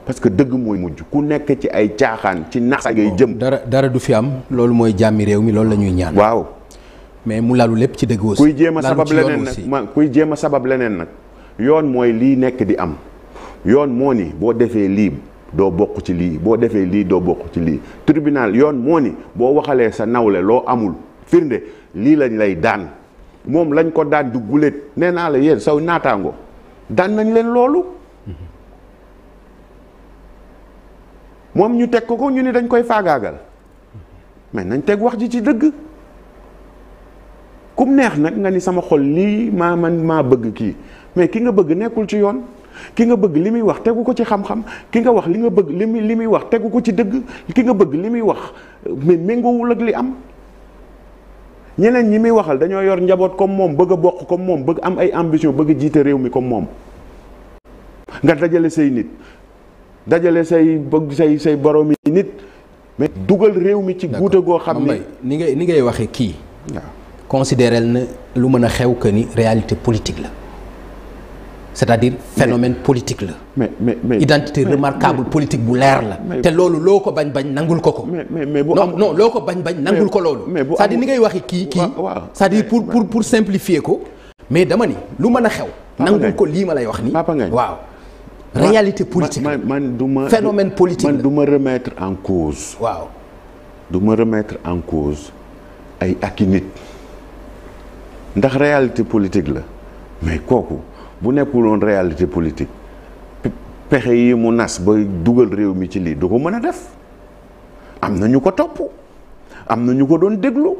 parce que dëgg mooy mujj ku nekk ci ay caaxaan ci nax ngay jëm. dara dara du fi am loolu mooy jàmmi réew mi loolu la ñuy ñaan. waaw mais mu lalu lépp ci dëgg aussi. kuy jéem a sabab leneen nag ma kuy jéem a sabab leneen nag yoon mooy lii nekk di am yoon moo boo defee lii. doo bokk ci lii boo defee lii doo bokk ci lii tribunal yoon moo ni boo waxalee sa nawle loo amul firnde lii lañ lay daan moom lañ ko daan du guléet nee naa la yéen saw naataango daan nañ leen loolu moom ñu teg ko ko ñu ni dañ koy faagaagal mais nañ teg wax ji ci dëgg kum neex nag nga ni sama xol lii maa man maa bëgg kii mais ki nga bëgg nekkul ci yoon ki nga bëgg li muy wax tegu ko ci xam-xam ki nga wax li nga bëgg li muy li muy wax tegu ko ci dëgg ki nga bëgg li muy wax mais méngoowul ak li am ñeneen ñi muy waxal dañoo yor njaboot comme moom bëgg a bokk comme moom bëgg am ay ambition bëgg jiite réew mi comme moom nga dajale say nit dajale say bëgg say say boroomi nit mais dugal réew mi ci guuta goo xam ne ni ngay ni ngay waxe kii waaw considérel na lu mën a xew que ni réalité politique la c'est-à-dire phénomène politique la. mais mais identité remarquable politique bu leer la. te loolu loo ko bañ bañ nangul ko ko. mais mais bu non non loo ko bañ bañ nangul ko loolu. mais c'est-à-dire ni ngay waxi kii kii. c'est-à-dire pour pour pour simplifier ko. mais dama ni lu mën a xew. nangul ko lii ma lay wax nii. waaw réalité politique man man du ma phénomène politique man du ma en cause. waaw du ma ay ak ndax réalité politique la mais kooku. bu nekkul woon réalité politique pexe yi mu nas ba dugal réew mi ci lii du ko mën a def am na ñu ko topp am na ñu ko doon déglu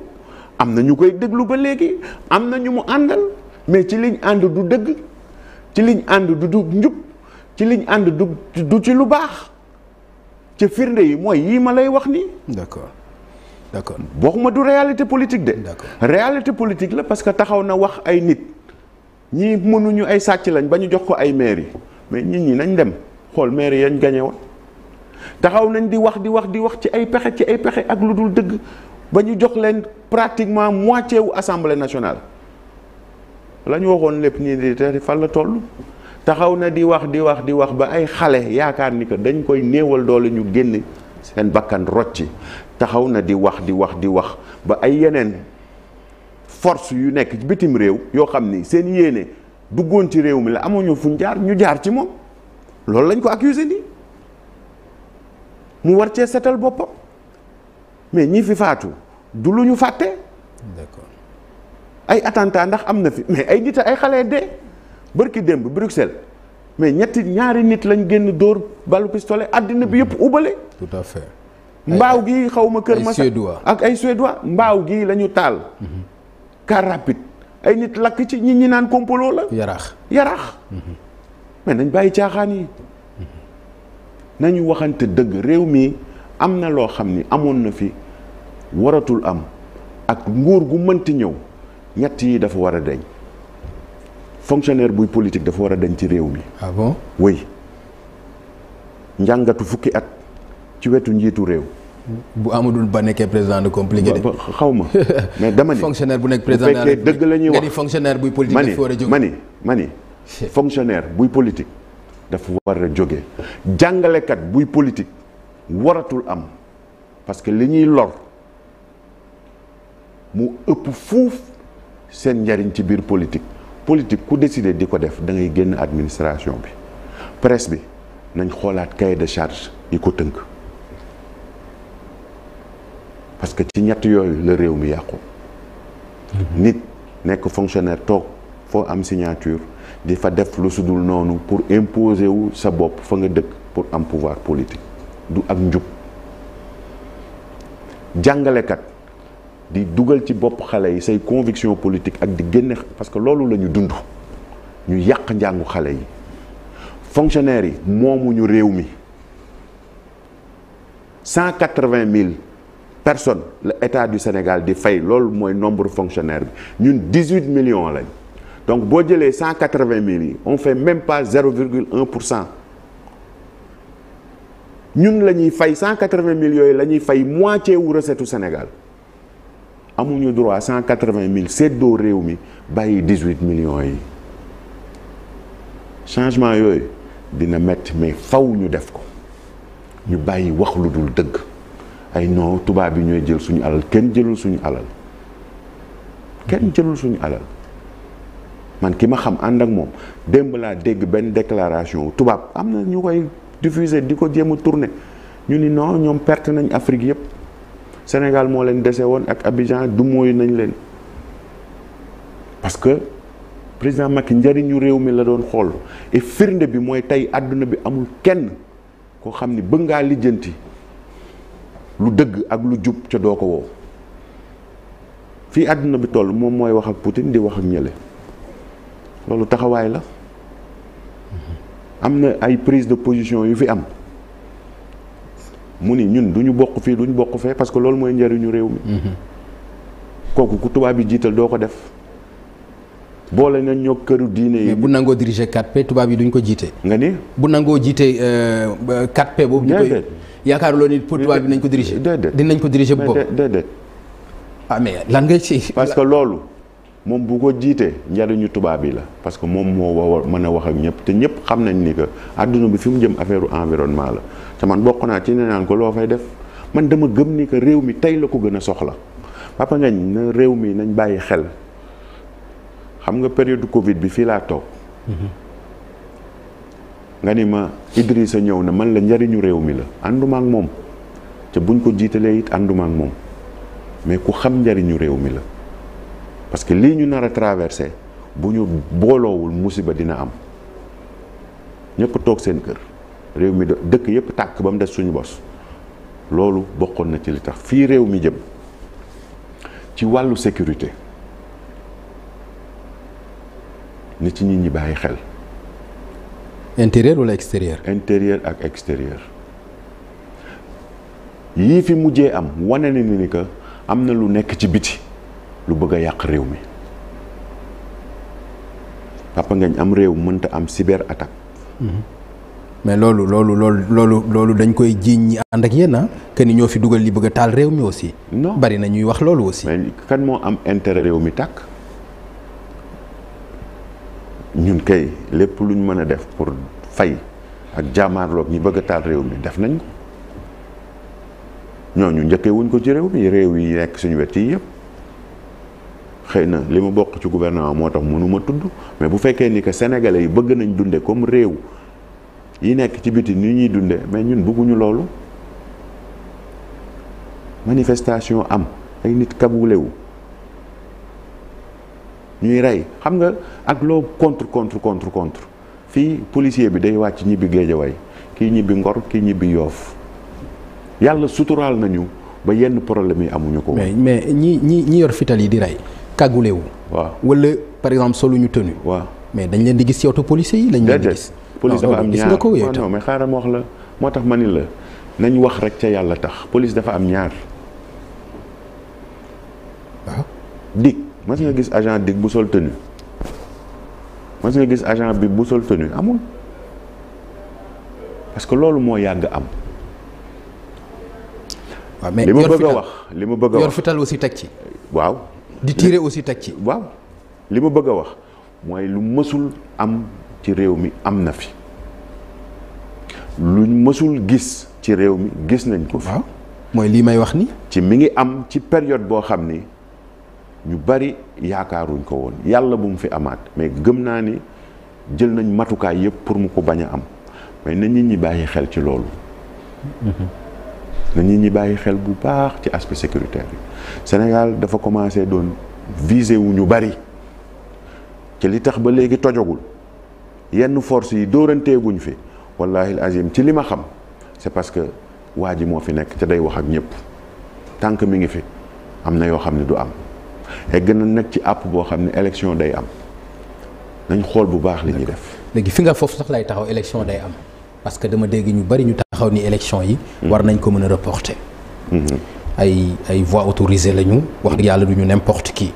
am na ñu koy déglu ba léegi am na ñu mu àndal mais ci liñ ànd du dëgg ci liñ ànd du du njub ci liñ ànd du du ci lu baax ca firnde yi mooy yii ma lay wax nii. d'accord d'accord waxuma du réalité politique de. d'accord réalité politique la parce que taxaw na wax ay nit. ñii mënuñu ay sàcc lañ ba ñu jox ko ay maire mais nit ñi nañ dem xool maire yañ gañe woon taxaw nañ di wax di wax di wax ci ay pexe ci ay pexe ak lu dul dëgg ba ñu jox leen pratiquement moitié wu assemblée nationale lañu ñu waxoon lépp nii di te fan la toll taxaw na di wax di wax di wax ba ay xale yaakaar ni que dañ koy néewal doole ñu génn seen bakkan rocci taxaw na di wax di wax di wax ba ay yeneen force yu nekk ci bitim réew yoo xam ni seen yéene duggoon ci réew mi la amoon ñu jaar ñu jaar ci moom loolu lañ ko accusé nii mu war cee setal boppam mais ñi fi faatu du lu ñu fàtte. ay attentat ndax am na fi mais ay nit ay xale dee bërki démb Bruxelles mais ñetti ñaari nit lañ génn dóor balu pistolet àddina bi yëpp mm-hmm. ubale. tout à mbaaw gi xaw ma Kër Massa ak ay suédois mbaaw gi lañu taal. Mm-hmm. car rapide ay nit lakk ci ñi ñi naan complot la. yaraax yaraax. mais nañ bàyyi caaxaan yi. nañu waxante dëgg réew mi am na loo xam ni amoon na fi waratul am ak nguur gu mënti ñëw ñett yi dafa war a deñ fonctionnaire buy politique dafa war a deñ ci réew mi. ah bon oui njàngatu fukki at ci wetu njiitu réew. bu Amadou Ba nekkee président de compliqué de. xaw ma mais dama ni fonctionnaire bu nekk dëgg la ñuy wax nga ni fonctionnaire buy politique dafa war a jóge. ma ni ma buy politique dafa war a jóge jàngalekat buy politique waratul am parce que li ñuy lor mu ëpp fuuf seen njariñ ci biir politique politique ku décider di ko def da ngay génn administration bi presse bi nañ xoolaat cahier de charge yi ko tënk. parce que ci ñett yooyu la réew mi yàqu nit nekk fonctionnaire toog foo am signature di fa def lu sudul noonu pour imposer wu sa bopp fa nga dëkk pour am pouvoir politique du ak njub jàngalekat di dugal ci bopp xale yi say conviction politique ak di génne parce que loolu la ñu dund ñu yàq njàngu xale yi fonctionnaires yi moomuñu réew mi cent quatre-vingt mille personne la état du Sénégal di fay loolu mooy nombre fonctionnaire bi ñun dix huit million lañ donc boo jëlee cent quatre vingt mille yi on fait même pas zéro virgule un pour cent ñun la ñuy fay cent quatre vingt mille yooyu la ñuy fay moitié wu recette Sénégal amuñu droit cent quatre vingt mille séddoo réew mi bàyyi dix huit millions yi changement yooyu dina metti mais faw ñu def ko ñu bàyyi wax lu dul dëgg. ay non tubaab yi ñooy jël suñu alal kenn jëlul suñu alal kenn jëlul suñu alal man ki ma xam ànd ak moom démb laa dégg benn déclaration tubaab am na ñu koy diffuser di ko jéem a tourner ñu ni noo ñoom perte nañ Afrique yëpp Sénégal moo leen dese woon ak Abidjan du mooyu nañ leen parce que président Macky njëriñu réew mi la doon xool et firnde bi mooy tey àdduna bi amul kenn koo xam ni bëgg ngaa lijjanti. lu dëgg ak lu jub ca doo ko woo fii àdduna bi toll moom mooy wax ak Poutine di wax ak ñële loolu taxawaay la am na ay prise de position yu fi am mu ni ñun duñu ñu bokk fii duñu ñu bokk fee parce que loolu mooy njariñu réew mi mhm. kooku ku tubaab yi jiital doo ko def boole nañ ñoo këru diine yi. bu nangoo diriger 4 tubaab yi duñ ko jiite. nga ni bu nangoo jiite 4P euh, boobu. ñu koy yaakaaruloo ni pour tubaab bi nañ ko diriger. déedéet dinañ ko diriger bu boobu déedéet. ah mais lan ngay ci. parce que loolu moom bu ko jiitee njariñu tubaab yi la parce que moom moo war mën a wax ak ñëpp te ñëpp xam nañ ni que àdduna bi fi mu jëm affaire environnement la te man bokk naa ci ne naan ko loo fay def man dama gëm ni que réew mi tey la ko gën a soxla papa ngañ na réew mi nañ bàyyi xel xam nga période Covid bi fii laa toog. Mm-hmm. nga ni ma sa ñëw na man la njariñu réew mi la ànduma ak moom te buñ ko jiitalee it ànduma moom mais ku xam njariñu réew mi la parce que lii ñu nar a traversé bu ñu booloowul musiba dina am ñëpp toog seen kër réew mi dëkk yëpp tàkk ba mu des suñu bos loolu bokkoon na ci li tax fii réew mi jëm ci wàllu sécurité ni ci nit ñi bàyyi xel intérieur wala extérieur. intérieur ak extérieur lii fi mujjee am wane na ni que am na lu nekk ci biti lu bëgg a yàq réew mi papa ngañ am réew mënta am cyber attaque. Mhm. mais loolu loolu loolu loolu loolu dañ koy jiiñ ñi ànd ak yéen ah ni ñoo fi dugal li bëgg a taal réew mi aussi. non bari na ñuy wax loolu aussi. mais moo am intérêt réew mi tàkk. ñun kay lépp lu ñu mën a def pour fay ak jaamaarloog ñi bëgg a taal réew mi def nañ ko ñooñu njëkkee wuñ ko ci réew mi réew yi nekk suñu wet yi yëpp xëy na li ma bokk ci gouvernement moo tax mënuma tudd mais bu fekkee ni que sénégalais yi bëgg nañ dunde comme réew yi nekk ci biti ni ñuy dunde mais ñun bëgguñu loolu manifestation am ay nit kabulewu ñuy rey xam nga ak loo contre contre contre contre fii policier bi day wàcc ñibbi géejawaay kii ñibbi ngor kii ñibbi yoof yàlla suturaal nañu ba yenn problème yi amuñu ko. mais mais ñi ñi yor fital yi di rey kàggule wu. waaw wala par exemple solu ñu tenue. waaw mais dañ leen di gis ci oto policier yi. lañ leen di gis police dafa am ñaar non mais xaaral ma wax la moo tax ma ni la nañ wax rek ca yàlla tax police dafa am ñaar. Ah. mas nga gis agent dig bu sol tenue mas nga gis agent bi bu sol tenue amul parce que loolu moo yàgg am. waaw mais li wax li ma bëgg a yor fital aussi teg ci. waaw. di tirer aussi teg ci. waaw li ma bëgg a wax mooy lu mësul am ci réew mi am na fi lu masul gis ci réew mi gis nañ ko fi. mooy lii may wax ni ci mi ngi am ci période boo xam ni. ñu bari yaakaaruñ ko woon yàlla bu mu fi amaat mais gëm naa ni jël nañ matukaay yëpp pour mu ko bañ a am mais na nit ñi bàyyi xel ci loolu. Mm-hmm. na nit ñi bàyyi xel bu baax ci aspect sécuritaire yi Sénégal dafa commencé doon viser wu ñu bari ci li tax ba léegi tojogul yenn force yi dóoranteeguñ fi wallahi azim ci li ma xam c'est parce que waa ji moo fi nekk ci day wax ak ñëpp tant que mi ngi fi am na yoo xam ne du am. gën na nag ci àpp boo xam ne élection day am nañ xool bu baax li ñu def. léegi fi nga foofu sax lay taxaw élection day am parce que dama dégg ñu bari ñu taxaw ni élection yi. Hmm. war nañ ko mën a reporter. Hmm. ay ay voix autorisées la ñu. wax dëgg yàlla du ñu n'importe qui.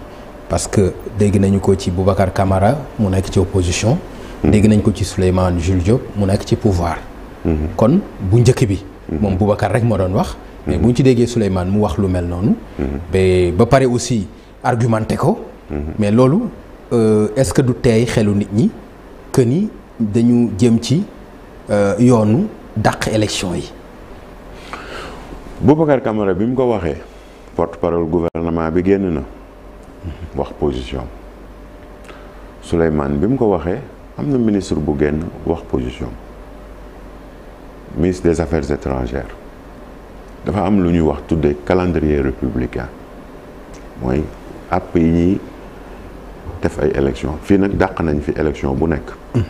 parce que dégg nañu ko ci Boubacar kamara mu nekk ci opposition. Hmm. dégg nañ ko ci Souleymane Jules Diop mu nekk ci pouvoir. kon bu njëkk bi. moom Boubacar rek moo doon wax. mais bu ñu ci déggee Souleymane mu wax lu mel noonu. ba pare aussi. argumenté ko. mais loolu euh, est-ce que du teey xelu nit ñi que ni dañu jëm ci euh, yoonu dàq élection yi. Boubacar Camara bi mu ko waxee porte-parole gouvernement bi génn na wax position Souleymane bi mu ko waxee am na ministre bu génn wax position ministre des affaires étrangères dafa am lu ñuy wax tuddee calendrier républicain mooy app yi ñi def ay élection fii nag dàq nañ fi élection bu nekk mhm.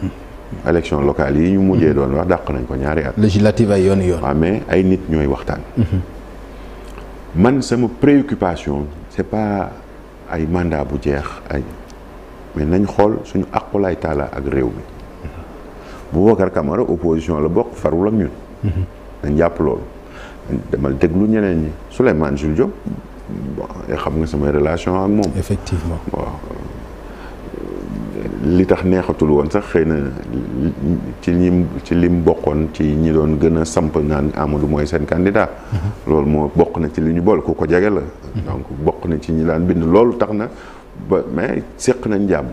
élection locale yi ñu mujjee mhm. doon wax dàq nañ ko ñaari at législative ay yoon yoon waaw mais ay nit ñooy waxtaan mhm. man sama préoccupation c'est pas ay mandat bu jeex ay mais nañ xool suñu aqulaay taala ak réew mi Boubacar Camara opposition la bokk farul ak ñun nañ jàpp loolu demal déglu ñeneen ñi Souleymane Jules Diop bon xam nga samay relation ak moom. effectivement waaw li tax neexatul woon sax xëy na ci ñi ci lim bokkoon ci ñi doon gën a samp naan Amadou mooy seen candidat. Mm-hmm. loolu moo bokk na ci li ñu bool ku ko jege la. Mm-hmm. donc bokk na ci ñi daan bind loolu tax na ba mais séq nañ jàmm.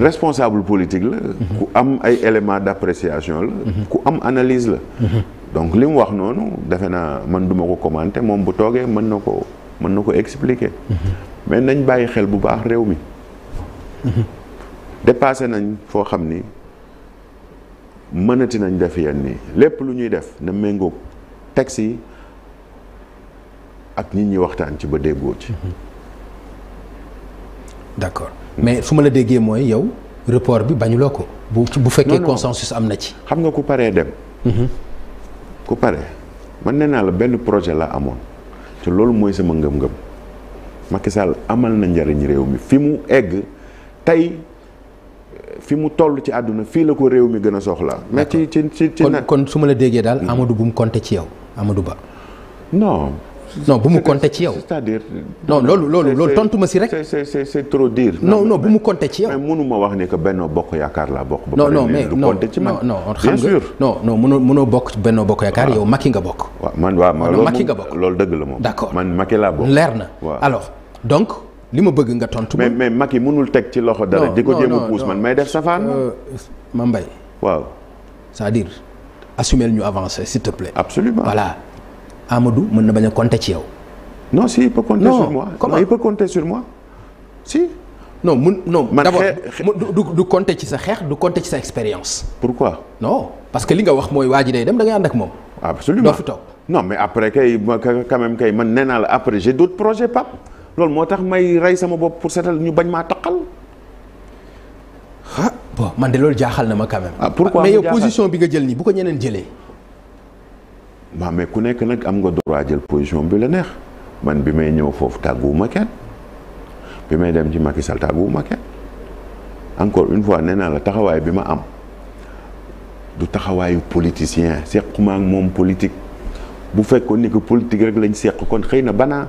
responsable politique la. Mm-hmm. ku am ay éléments d'appréciation la. ku am analyse la. donc li mu wax noonu defe naa man duma ko commenter moom bu toogee mën na ko mën na ko expliquer. mais nañ bàyyi xel bu baax réew mi. dépassé nañ foo xam ni mënati nañ def yenn nii lépp lu ñuy def na méngoog texte yi ak nit ñi waxtaan ci ba déggoo ci. d'accord mais su ma la déggee mooy yow report bi bañuloo ko. bu bu fekkee consensus am na ci. xam nga ku paree dem. Mhm. ku pare man nee naa la benn projet la amoon ci loolu mooy sama ngëm-ngëm Macky amal na njariñ réew mi fi mu egg tey fi mu toll ci àdduna fii la ko réew mi gën a soxla mais ci ci ci kon su ma la déggee daal mm-hmm. Amadou bu mu ci yow amadu Ba non non bu mu compter ci yow. cest à loolu loolu loolu si rek. c'est c'est c'est trop dire. non non bu mu compter ci yow. mais mënu wax ne que Benno Bokk Yaakaar laa bokk. ba pare ne lu compter ci man non non nga non non mënoo bokk Benno Bokk Yaakaar yow Macky bokk. waaw man waaw loolu dëgg la moom. d'accord man Macky laa leer na alors donc. li ma bëgg nga tontu. mais mais Macky mënul teg ci loxo dara. di ko jéem a puus man may def safaan. Euh, Mame Mbaye. waaw. c'est-à-dire assumer ñu avancer s'il te plaît. absolument voilà. Amadou mën na bañ a compter ci yow. non si il peut compter non, sur moi. comment non, il peut compter sur moi si. non mun non d'abord du du compter ci sa xeex du compter ci sa expérience. pourquoi. non parce que li nga wax mooy waa ji dem da ànd ak moom. absolument doo fi toog non mais après kay quand même kay man nee naa la après j'ai d'autres projets pap loolu moo tax may rey sama bopp pour seetal ñu bañ maa toqal. ah bon man de loolu jaaxal na ma quand même. ah pourquoi position bi nga jël nii bu ko ñeneen jëlee. waaw mais ku nekk nag am nga droit jël position bi la neex man bi may ñëw foofu tàgguwuma kenn bi may dem ci Macky Sall tàgguwuma kenn encore une fois nee naa la taxawaay bi ma am du taxawaayu politicien sequma ak moom politique bu fekkoon ni que politique rek lañ seq kon xëy na banaa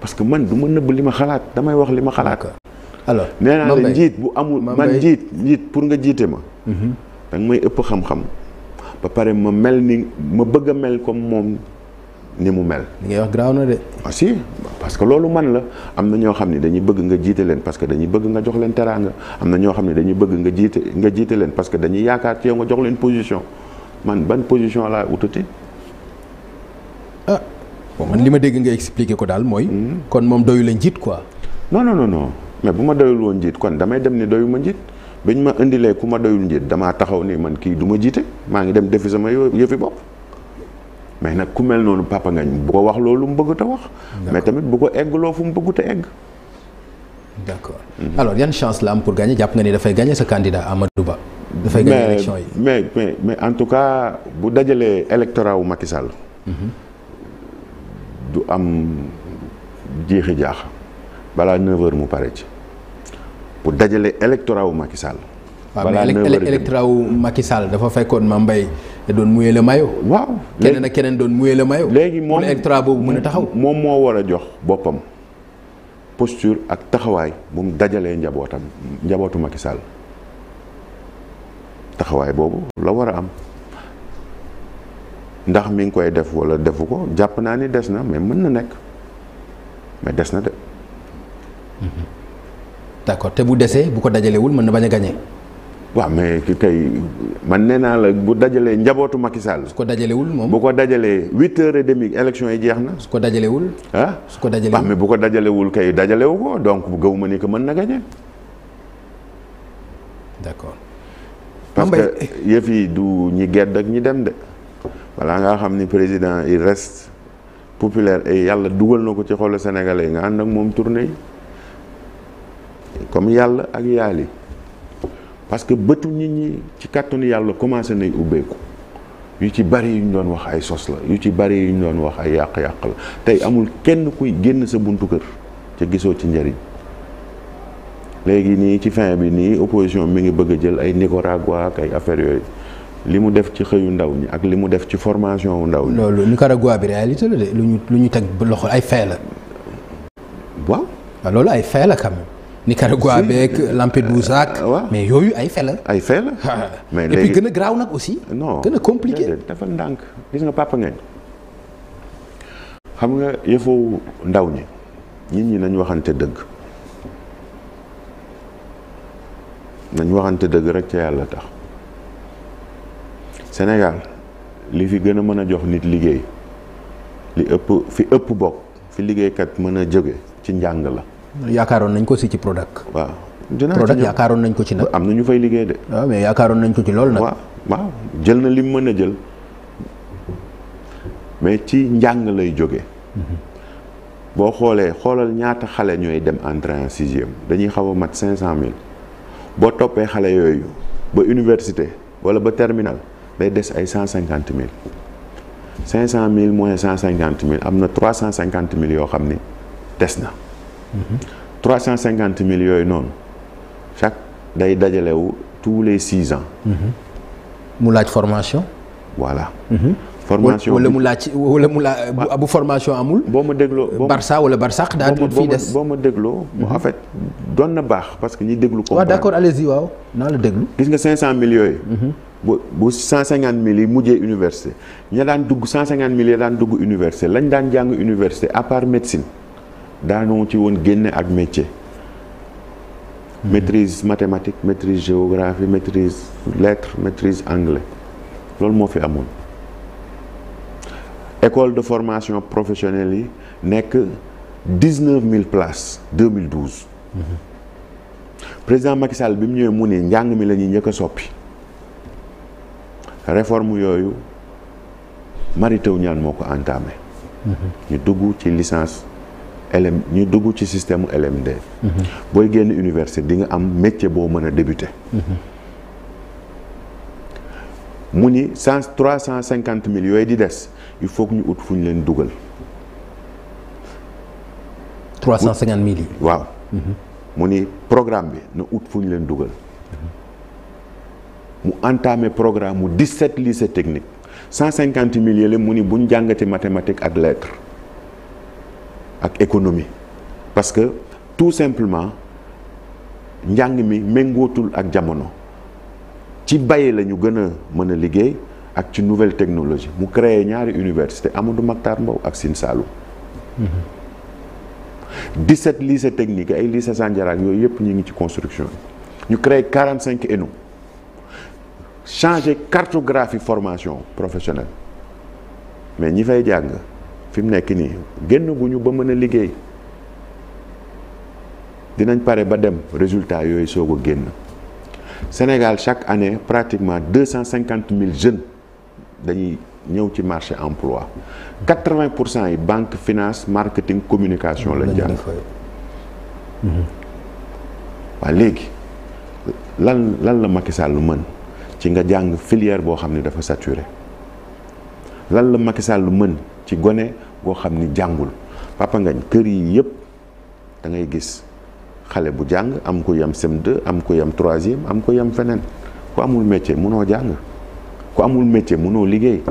parce que man du ma nëbb li ma xalaat damay wax li ma xalaat. alors nee naa la njiit bu amul man njiit njiit pour nga jiite ma. Mhm. danga may ëpp xam-xam. ba pare ma mel ni ma bëgg a mel comme moom ni mu mel. li ngay wax graaw na de. ah parce que loolu man la am na ñoo xam ne dañuy bëgg nga jiite leen parce que dañuy bëgg nga jox leen teraanga am na ñoo xam ne bëgg nga jiite nga jiite leen parce que dañuy yaakaar ci yow nga jox leen position man ban position laa utati. ah bon man li ma dégg nga expliquer ko daal mooy. Hmm. kon moom doyu la njiit quoi. non non non non bu ma doyul woon njiit kon damay dem ni doyu ma njiit. bañ ma indilee ku ma doyul njiit damaa taxaw nii man kii du ma jiite maa ngi dem defi sama yëfi bopp mais nag ku mel noonu Papa Ngagne bu ko wax loolu mu bëgg te wax. mais tamit bu ko egg loo fu mu bëgg te egg. Mm-hmm. yan chance la pour gagner jàpp nga ni dafay gagner sa candidat Amadou Ba. dafay yi mais mais mais en tout cas bu dajalee électorat wu Macky Sall. Mm-hmm. du am jeexi jaax balaa 9h mu pare ci. pour dajale électorat wu Macky Sall. balaa mais électorat wu Macky Sall dafa fekkoon ma mbay doon muyee la mayo waaw keneen ak keneen doon muyee la mayo léegi moom électorat boobu mën a taxaw. moom moo war a jox boppam posture ak taxawaay bu mu dajalee njabootam njabootu Macky Sall taxawaay boobu la war a am ndax mi ngi koy def wala defu ko jàpp naa ni des na mais mën na nekk mais des na de. Mhm. d'accord te bu desee bu ko dajalewul mën na bañ a gagné. waaw mais ki kay man nee naa la bu dajalee njabootu Macky Sall. su ko dajalewul moom bu ko dajalee huit heures et demie élection yi jeex na. su ko dajalewul. ah su ko dajalewul waaw mais bu ko dajalewul kay dajalewu ko donc gëw ma ni que mën na gagné. d'accord. parce que yëf yi du ñi gedd ak ñi dem de. voilà nga xam ni président il reste populaire et yàlla dugal na ko ci xolu Sénégalais yi nga ànd ak moom tournée comme yàlla ak yaali parce que bëtu nit ñi ci kàttanu yàlla commencé nay ubbeeku yu ci bari yu ñu doon wax ay sos la yu ci bari yu ñu doon wax ay yàq-yàq la tey amul kenn kuy génn sa buntu kër ca gisoo ci njëriñ léegi nii ci fin bi nii opposition mi ngi bëgg a jël ay Nicaragua ak ay affaires yooyu li mu def ci xëyu ndaw ñi ak li mu def ci formation wu ndaw ñi. loolu Nicaragua bi réalité la de lu ñu lu ñu teg loxo ay fee la. waaw. Ah, loolu ay fee la quand Nicaragua beeg euh, Lampedusa ak. Euh, mais yooyu ay fela ay fela mais léegi et puis gën a graaw nag aussi. no gën a compliqué dafa ndànk gis nga papa xam nga yëfu ndaw ñi nit ñi nañ waxante dëgg nañ waxante dëgg rek ca yàlla tax Sénégal li fi gën a mën a jox nit liggéey li ëpp fi ëpp bokk fi liggéeykat mën a jóge ci njàng la yaakaaroon nañ ko si ci Prodac. waaw dinaa Prodac yaakaaroon nañ ko ci nag. am na ñu fay liggéey de. waaw mais yaakaaroon nañ ko ci loolu nag. waaw jël na lim mën a jël mais ci njàng lay jóge mhm. boo xoolee xoolal ñaata xale ñooy dem entrée en sixième dañuy xaw a mat cinq mille boo toppee xale yooyu ba université wala ba terminal day des ay cent cinquante mille cinq cent mille moins cent cinquante mille am na trois cent cinquante mille yoo xam ni des na. trois cent cinquante mille yooyu noonu chaque day dajalewu tous les six ans. mu laaj formation. voilà. Mhm. formation wala mu laaj wala mu laaj bu formation amul. boo ma dégloo boo Barça wala Barsaq daa fii des boo ma dégloo. Mhm. en fait doon na baax parce que ñi déglu. comprendre waaw d'accord allez-y waaw naa la déglu. gis nga cinq cent mille yooyu. Mhm. bu bu cent cinquante mille yi mujjee université ña daan dugg cent cinquante mille ya daan dugg université lañ daan jàng université à part médecine. daanoo ci woon génne ak métier hmm. maitrise mathématique maitrise géographie maîtrise lettres maîtrise anglais loolu moo fi amoon école de formation professionnelle yi nekk dix-neuf mille places deux mille douze hmm. président Macky bi mu ñëwee mu ne njàng mi la ñuy njëkk a soppi réforme yooyu Mary Teuw Niane moo ko entamé. Hmm. ñu dugg ci licence LM ñu dugg ci système LMD. booy génn université di nga am métier boo mën a débuter. mu ni cent trois cent cinquante mille yooyu di des il faut ñu ut fu ñu leen dugal. trois cent cinquante mille yi. waaw. Mhm. mu ni programme bi na ut fu ñu leen dugal. mu entamé programme mu 17 lycée technique cent cinquante 000 yële mu ni bu ñu jàngati mathématique ak lettres ak économie parce que tout simplement njàng mi méngootul ak jamono ci bay la ñu gën a mën a liggéey ak ci nouvelle technologie mu créé ñaari université Amadou Mahtar Mbow ak Sine Saloum 17 mhm. lycée technique ay lycée Sandiara ak yooyu yëpp ñu ngi ci construction ñu ñu quarante cinq ENU changer cartographie formation professionnel mais ñi fay jàng fi mu nekk nii génn gu ñu ba mën a liggéey dinañ pare ba dem résultat yooyu soog a génn Sénégal chaque année pratiquement deux cent cinquante mille jeunes dañuy ñëw ci marché emploi quatre vingt pour cent yi banque finance marketing communication lañ jàng mm-hmm. waa léegi lan lan la Macky Sall mën ci nga jàng filière boo xam ne dafa saturé lan la Macky Sall mën ci gone goo xam ni jàngul papa ngañ kër yi yëpp da ngay gis xale bu jàng am ko yam CM2 am ko yam troisième am ko yam feneen ku amul métier mënoo jàng ku amul métier mënoo liggéey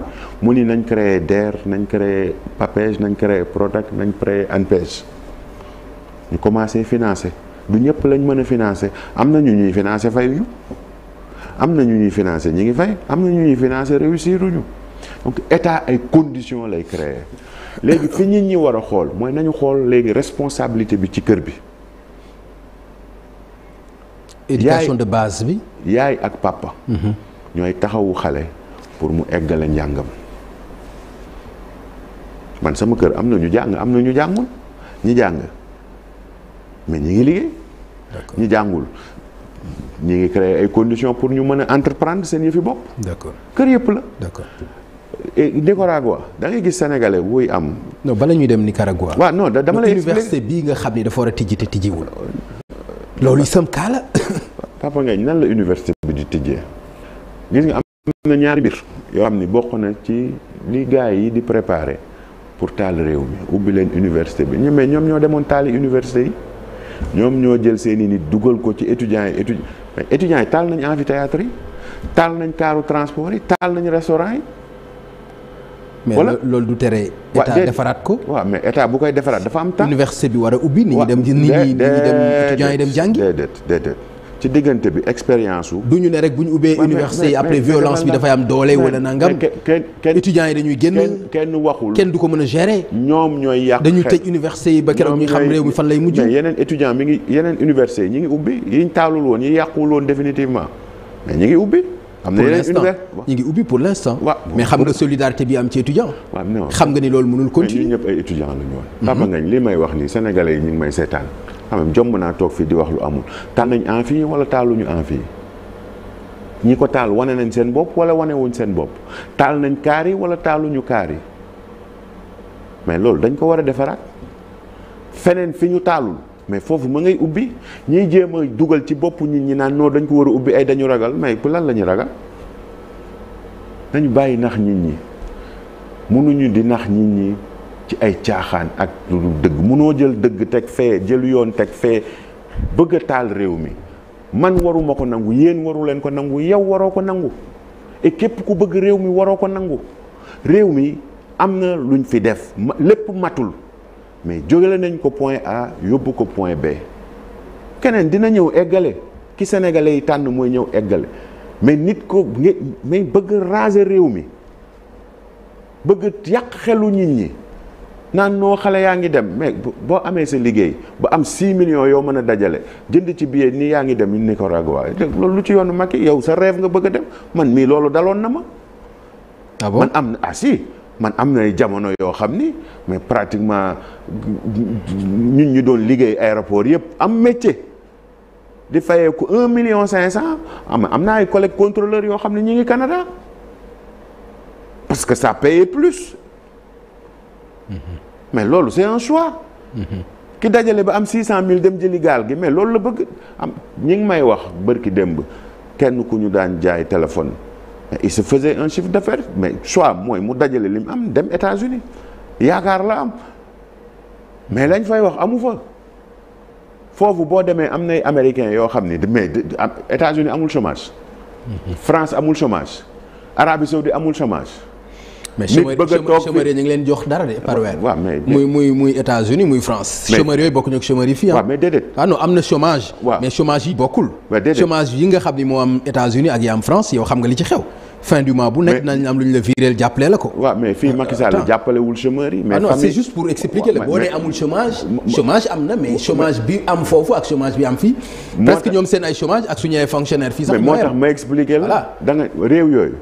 mu ni nañ créer DER nañ créer PAPEJ nañ créer PRODAC nañ créer ANPEJ ñu commencé financer du ñëpp lañ mën a financer am na ñu ñuy financer fay ñu am na ñu ñuy financer ñi ngi fay am na ñu ñuy financer réussir ñu donc état ay conditions lay créer léegi fi nit ñi war a xool mooy nañu xool léegi responsabilité bi ci kër bi. éducation de base bi. yaay ak papa. Mhm. ñooy taxawu xale pour mu eggale njàngam. man sama kër am na ñu jàng am na ñu jàngul ñi jàng mais ñi ngi liggéey. ñi jàngul ñi ngi créer ay conditions pour ñu mën a entreprendre seen yëfi bopp. d'accord kër yëpp la. Eh, Nicaragua da ngay gis sénégalais wuy am. non bala ñuy dem ni Nicaragua. waaw non dama lay université bii nga xam ni dafa war a tijji te tijjiwul. loolu itam kaa la. Papa Ngagne nan la université bi di tijjee gis nga am na ñaari biir yoo xam ni bokk na ci li gars yi di préparer pour taal réew mi ubbi leen université bi ñu mais ñoom ñoo demoon taali université yi ñoom ñoo jël seeni nit dugal ko ci étudiants yi étudiants yi taal nañ amphithéâtre yi taal nañ kaaru transport yi taal nañ restaurant yi. voilà mais loolu du tere. état defaraat ko. waaw mais état bu koy defaraat dafa am temps. université bi war a ubbi. nit ñi dem nit ñi dem étudiants yi jàngi. ci diggante bi expérience wu du ñu ne rek bu ñu ubbee université yi après violence bi dafay am doole wala nangam. kenn kenn étudiants yi dañuy génn. kenn waxul kenn du ko mën a gérer. ñoom ñooy yàq dañuy tëj université yi ba keroog ñu xam réew mi fan lay mujj. mais yeneen mi ngi yeneen université yi ñu ngi ubbi yi ñu taalul woon yi yàquwul woon définitivement mais ñu ngi ubbi am na yeneen univers ñu ngi ubbi pour l'instant mais xam nga solidarité bi am ci étudiant xam nga ni loolu mënul continuer ñun ñëpp ay étudiant la ñu woon mhm. may wax nii sénégalais yi ngi may seetaan xam nga jomb naa toog fii di wax lu amul taal nañ en fii wala taaluñu en fii ñi ko taal wane nañ seen bopp wala wane wuñ seen bopp taal nañ kaari yi wala taaluñu kaari yi mais loolu dañ ko war a defaraat feneen fi ñu taalul mais foofu ma ngay ubbi ñuy jéem a dugal ci boppu nit ñi naan non dañ ko war a ubbi ay dañu ragal mais pour lan la ñu ragal dañu bàyyi nax nit ñi mënuñu di nax nit ñi ci ay caaxaan ak dëgg mënoo jël dëgg teg fee jël yoon teg fee bëgg a taal réew mi man waruma ko nangu yéen waru leen ko nangu yow waroo ko nangu et képp ku bëgg réew mi waroo ko nangu réew mi am na luñ fi def lépp matul mais jógale nañ ko point A yóbbu ko point B keneen dina ñëw eggale ki sénégalais yi tànn mooy ñëw eggale mais nit ko mais bëgg raser réew mi bëgg yàq xelu nit ñi naan noo xale yaa ngi dem mais boo amee sa liggéey ba am 6 million yoo mën a dajale jënd ci biir nii yaa ngi dem Nicaragua loolu lu ci yoonu Macky yow sa reef nga bëgg dem man mii loolu daloon na ma. Ah man am na ah si. man am na ay jamono yoo xam ni mais pratiquement ñu ñu doon liggéey aéroport yëpp am métier di fayee ko un million cinq cent am ah, am na ay collègues contrôleurs yoo xam ne ñu ngi Canada parce que ça paye plus mm-hmm. mais loolu c'est un choix. Mm-hmm. ki dajale bi am six cent mille dem jëli gaal gi mais loolu la bëgg am ñi ngi may wax bërki démb kenn ku ñu daan jaay téléphone. il se faisait un chiffre d'affaires mais soit mooy mu dajale li am dem États-Unis yaakaar la am mais lañ fay wax amu fa foofu boo demee am nay américains yoo xam ni mais États-Unis amul chômage mhm. France amul chômage Arabie Saoudite amul chômage mais chômeur yi ñu ngi leen muy muy États-Unis muy France. mais yooyu bokkuñu ak chômeur ah. ah yi bokkul. waaw yi nga xam ni moo am États-Unis ak yi am France yow xam nga li ci xew. fin du mois bu nekk nañ la viréel jàppale la ko. mais fii euh, Macky Sall jàppalewul chômeur ah am na mais chômage bi am foofu ak chômage bi am fii. parce ñoom seen ay chômage ak suñu ay fonctionnaire fii sax. moo tax ma expliquer la da nga réew yooyu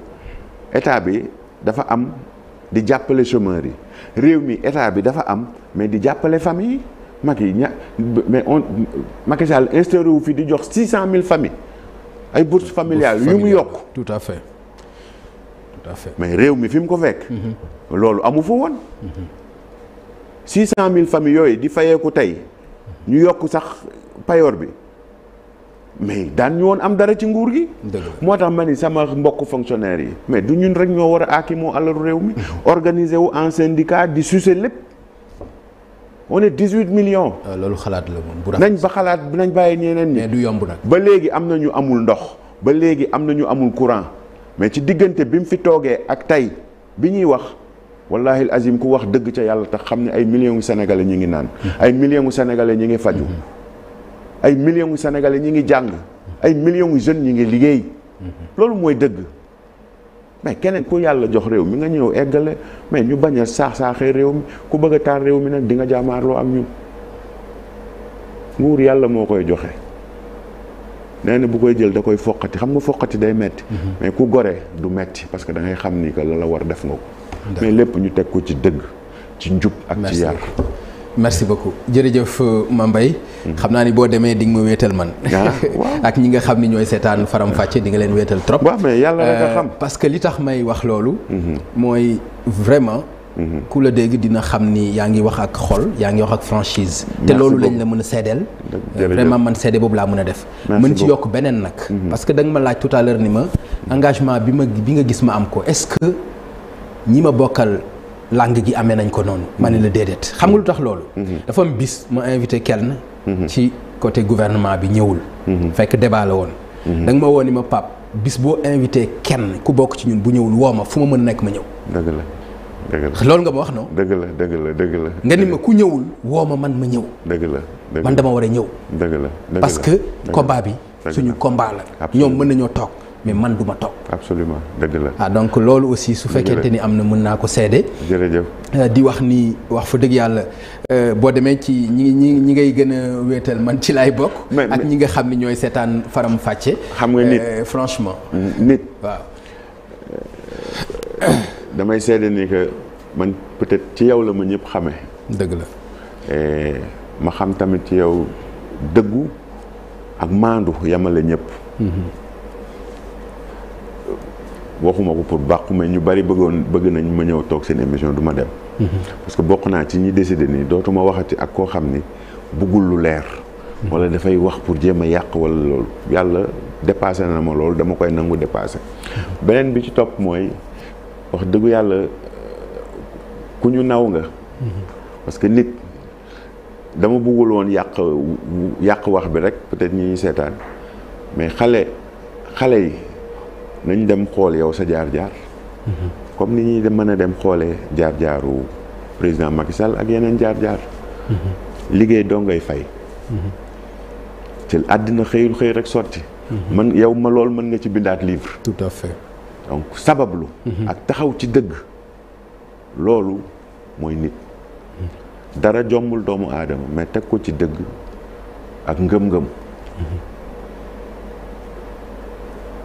état bi dafa am. di jàppale chômeurs yi réew mi état bi dafa am mais di jàppale famille yi mag yi ña mais on Macky Sall wu fi di jox six cent mille familles ay bourses familiales yu mu yokk tout à fait tout à mais réew mi fi mu ko fekk mm-hmm. loolu amu fa woon mm-hmm. six cent mille familles yooyu di fayeeku tey ñu yokk sax payoor bi mais daan ñu woon am dara ci nguur gi. moo tax ma ni sama mbokk fonctionnaire yi mais du ñun rek ñoo war a aaki moo alalu réew mi. Mm-hmm. organiser wu en syndicat di sucer lépp. on est dix huit millions. Euh, loolu xalaat la moom bu nañ ba xalaat nañ bàyyi ñeneen ñi. du yomb nag. ba léegi am na ñu amul ndox. ba léegi am na ñu amul courant. mais ci diggante bi mu fi toogee ak tey bi ñuy wax. wallahi azim ku wax dëgg ca yàlla tax xam ne ay million yu sénégalais ñu ngi naan. Mm-hmm. ay million yu sénégalais ñu ngi faju mm-hmm. ay millions yu sénégalais ñi ngi jàng ay million yu jeunes ñi ngi liggéey loolu mooy dëgg mais keneen ku yàlla jox réew mi nga ñëw eggale mais ñu bañ a saax saaxee réew mi ku bëgg a taal réew mi nag di nga jaamaarloo am ñu nguur yàlla moo koy joxe nee na bu koy jël da koy foqati xam nga foqati day metti mhm. mais ku gore du metti parce que da xam ni ko la la war def nga ko mais lépp ñu teg ko ci dëgg ci njub ak ci yar merci beaucoup jërëjëf euh, ma Mbaye mhm. xam naa ni boo demee di nga ma wéetal man ah, ak ñi nga xam ni ñooy seetaan faram fàcce di nga leen wéetal trop waaw mais yàlla rek a euh, xam parce que li tax may wax loolu mhm. mooy vraiment mhm. ku la dégg dina xam ni yaa ngi wax ak xol yaa ngi wax ak franchise te loolu lañ la mën a seedeel euh, vraiment man seede boobu laa mën a def mën ci yokk beneen nag parce que da ma laaj tout à ni ma engagement bi ma bi nga gis ma am ko est-ce que ñi ma bokkal langue gi amee nañ ko noonu man ne la déedéet xam nga lu tax loolu mhm. dafa am bis ma invité kenn mhm. ci côté gouvernement bi ñëwul mhm. fekk débat la woon da ma woo ni ma pap bis boo invité kenn ku bokk ci ñun bu ñëwul woo ma fu ma mën nekk ma ñëw dëgg la loolu nga ma wax noonu dëgg la dëgg la dëgg la nga ni ma ku ñëwul woo ma man ma ñëw dëgg la man dama war a ñëw dëgg la parce que combat bi suñu combat la ñoom mën nañoo toog mais man du ma topp. absolument dëgg la. ah donc loolu aussi su fekkente ni am na mën naa ko seede. Euh, di wax ni wax fa dëgg yàlla euh, boo demee ci ñi ñi ñi ngay gën a wéetal man ci laay bokk. ak ñi nga xam ne ñooy seetaan faram fàcce. xam nga nit euh, franchement. nit waaw. damay seede ni man peut-être ci yow la ma ñëpp xamee. dëgg la. ma xam tamit ci yow dëggu ak maandu yamale ñëpp. Mm-hmm. waxuma ko pour bàqu mais ñu bari bëggoon bëgg nañu ma ñëw toog seen émission duma dem. Mm-hmm. parce bokk naa ci ñi décidé nii dootuma waxati ak koo xam ni bëggul lu leer. Mm-hmm. wala dafay wax pour jéem a yàq wala loolu yàlla dépassé na ma loolu dama koy nangu dépassé. Mm-hmm. beneen bi ci topp mooy wax dëggu yàlla ku ñu naw nga. parce que nit dama buggul woon yàq yàq wax bi rek peut-être ñi ñuy seetaan mais xale xale yi. nañ dem xool yow sa jaar-jaar. comme ni ñuy mën a dem xoolee jaar-jaaru président Macky Sall ak yeneen jaar-jaar. liggéey doo ngay fay. ci àddina xëyul xëy rek sotti. man yow ma lool mën nga ci bindaat livre. tout à donc sabablu. ak taxaw ci dëgg. loolu mooy nit. dara jombul doomu aadama mais teg ko ci dëgg ak ngëm-ngëm.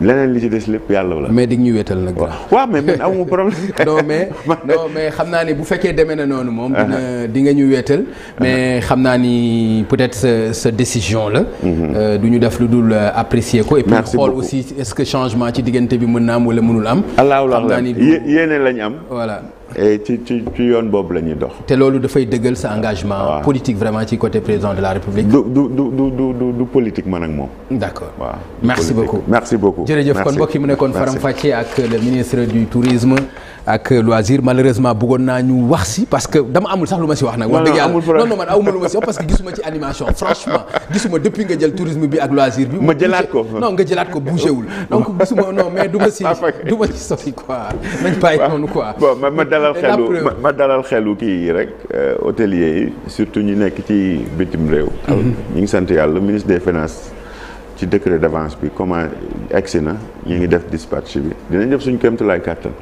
leneen li ci des lépp yàlla la. mais di ñu wéetal nag. waaw mais man amu problème. non mais non mais xam naa ni bu fekkee demee na noonu moom. dina uh-huh. di nga ñu wéetal. Uh-huh. mais xam naa ni peut-être sa sa décision la. Mm-hmm. Euh, du ñu def lu dul euh, apprécier ko. et puis xool aussi est-ce que changement ci diggante bi mën na am wala mënul am. alhamdulilah xam naa ni yéene lañ am. voilà. et ci ci ci yoon boobu la ñuy dox. te loolu dafay dëggal sa engagement. politique vraiment ci côté président de la république. du du du du du politique man ak moom. d' accord waaw merci beaucoup jërëjëf kon mbokk yi mu nekkoon faram fàcce ak le ministre du tourisme. ak loisir malheureusement bëggoon naa ñu wax si parce que dama amul sax lu ma si wax nag wax dëgg yàlla non non man awuma lu ma si wax parce gisuma ci animation franchement gisuma depuis nga jël tourisme bi ak loisir bi ma jëlaat ko non nga jëlaat ko bougé wul donc gisuma non mais du ma si du ma si soti quoi nañ bàyyi noonu quoi bon ma dalal xelu ma dalal xelu kii rek euh, hôteliers yi surtout ñu nekk ci bitim réew mhm. ñu ngi sant yàlla ministre des finances ci décret d'avance bi comment egsi na ñu ngi def dispatch bi dinañ def suñ kéemtalaay kàttan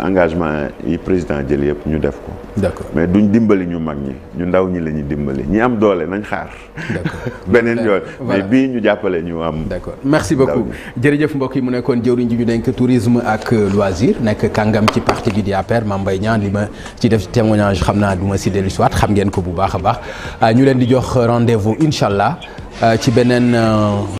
engagement yi président jël yëpp ñu def ko. d'accord mais duñ dimbali ñu mag ñi ñu ndaw ñi la ñuy dimbali ñi am doole nañ xaar. d'accord beneen yoon mais bii ñu jàppale ñu am. d'accord merci beaucoup jërëjëf mbokk yi mu nekkoon jëwriñ ji ñu denk tourisme ak euh, loisir nekk kàngam ci parti bi di APR Mame Mbaye Niang li ma ci def témoignage xam naa du ma si dellu si waat xam ngeen ko bu baax a baax euh, ñu leen di jox rendez-vous incha allah euh, ci beneen.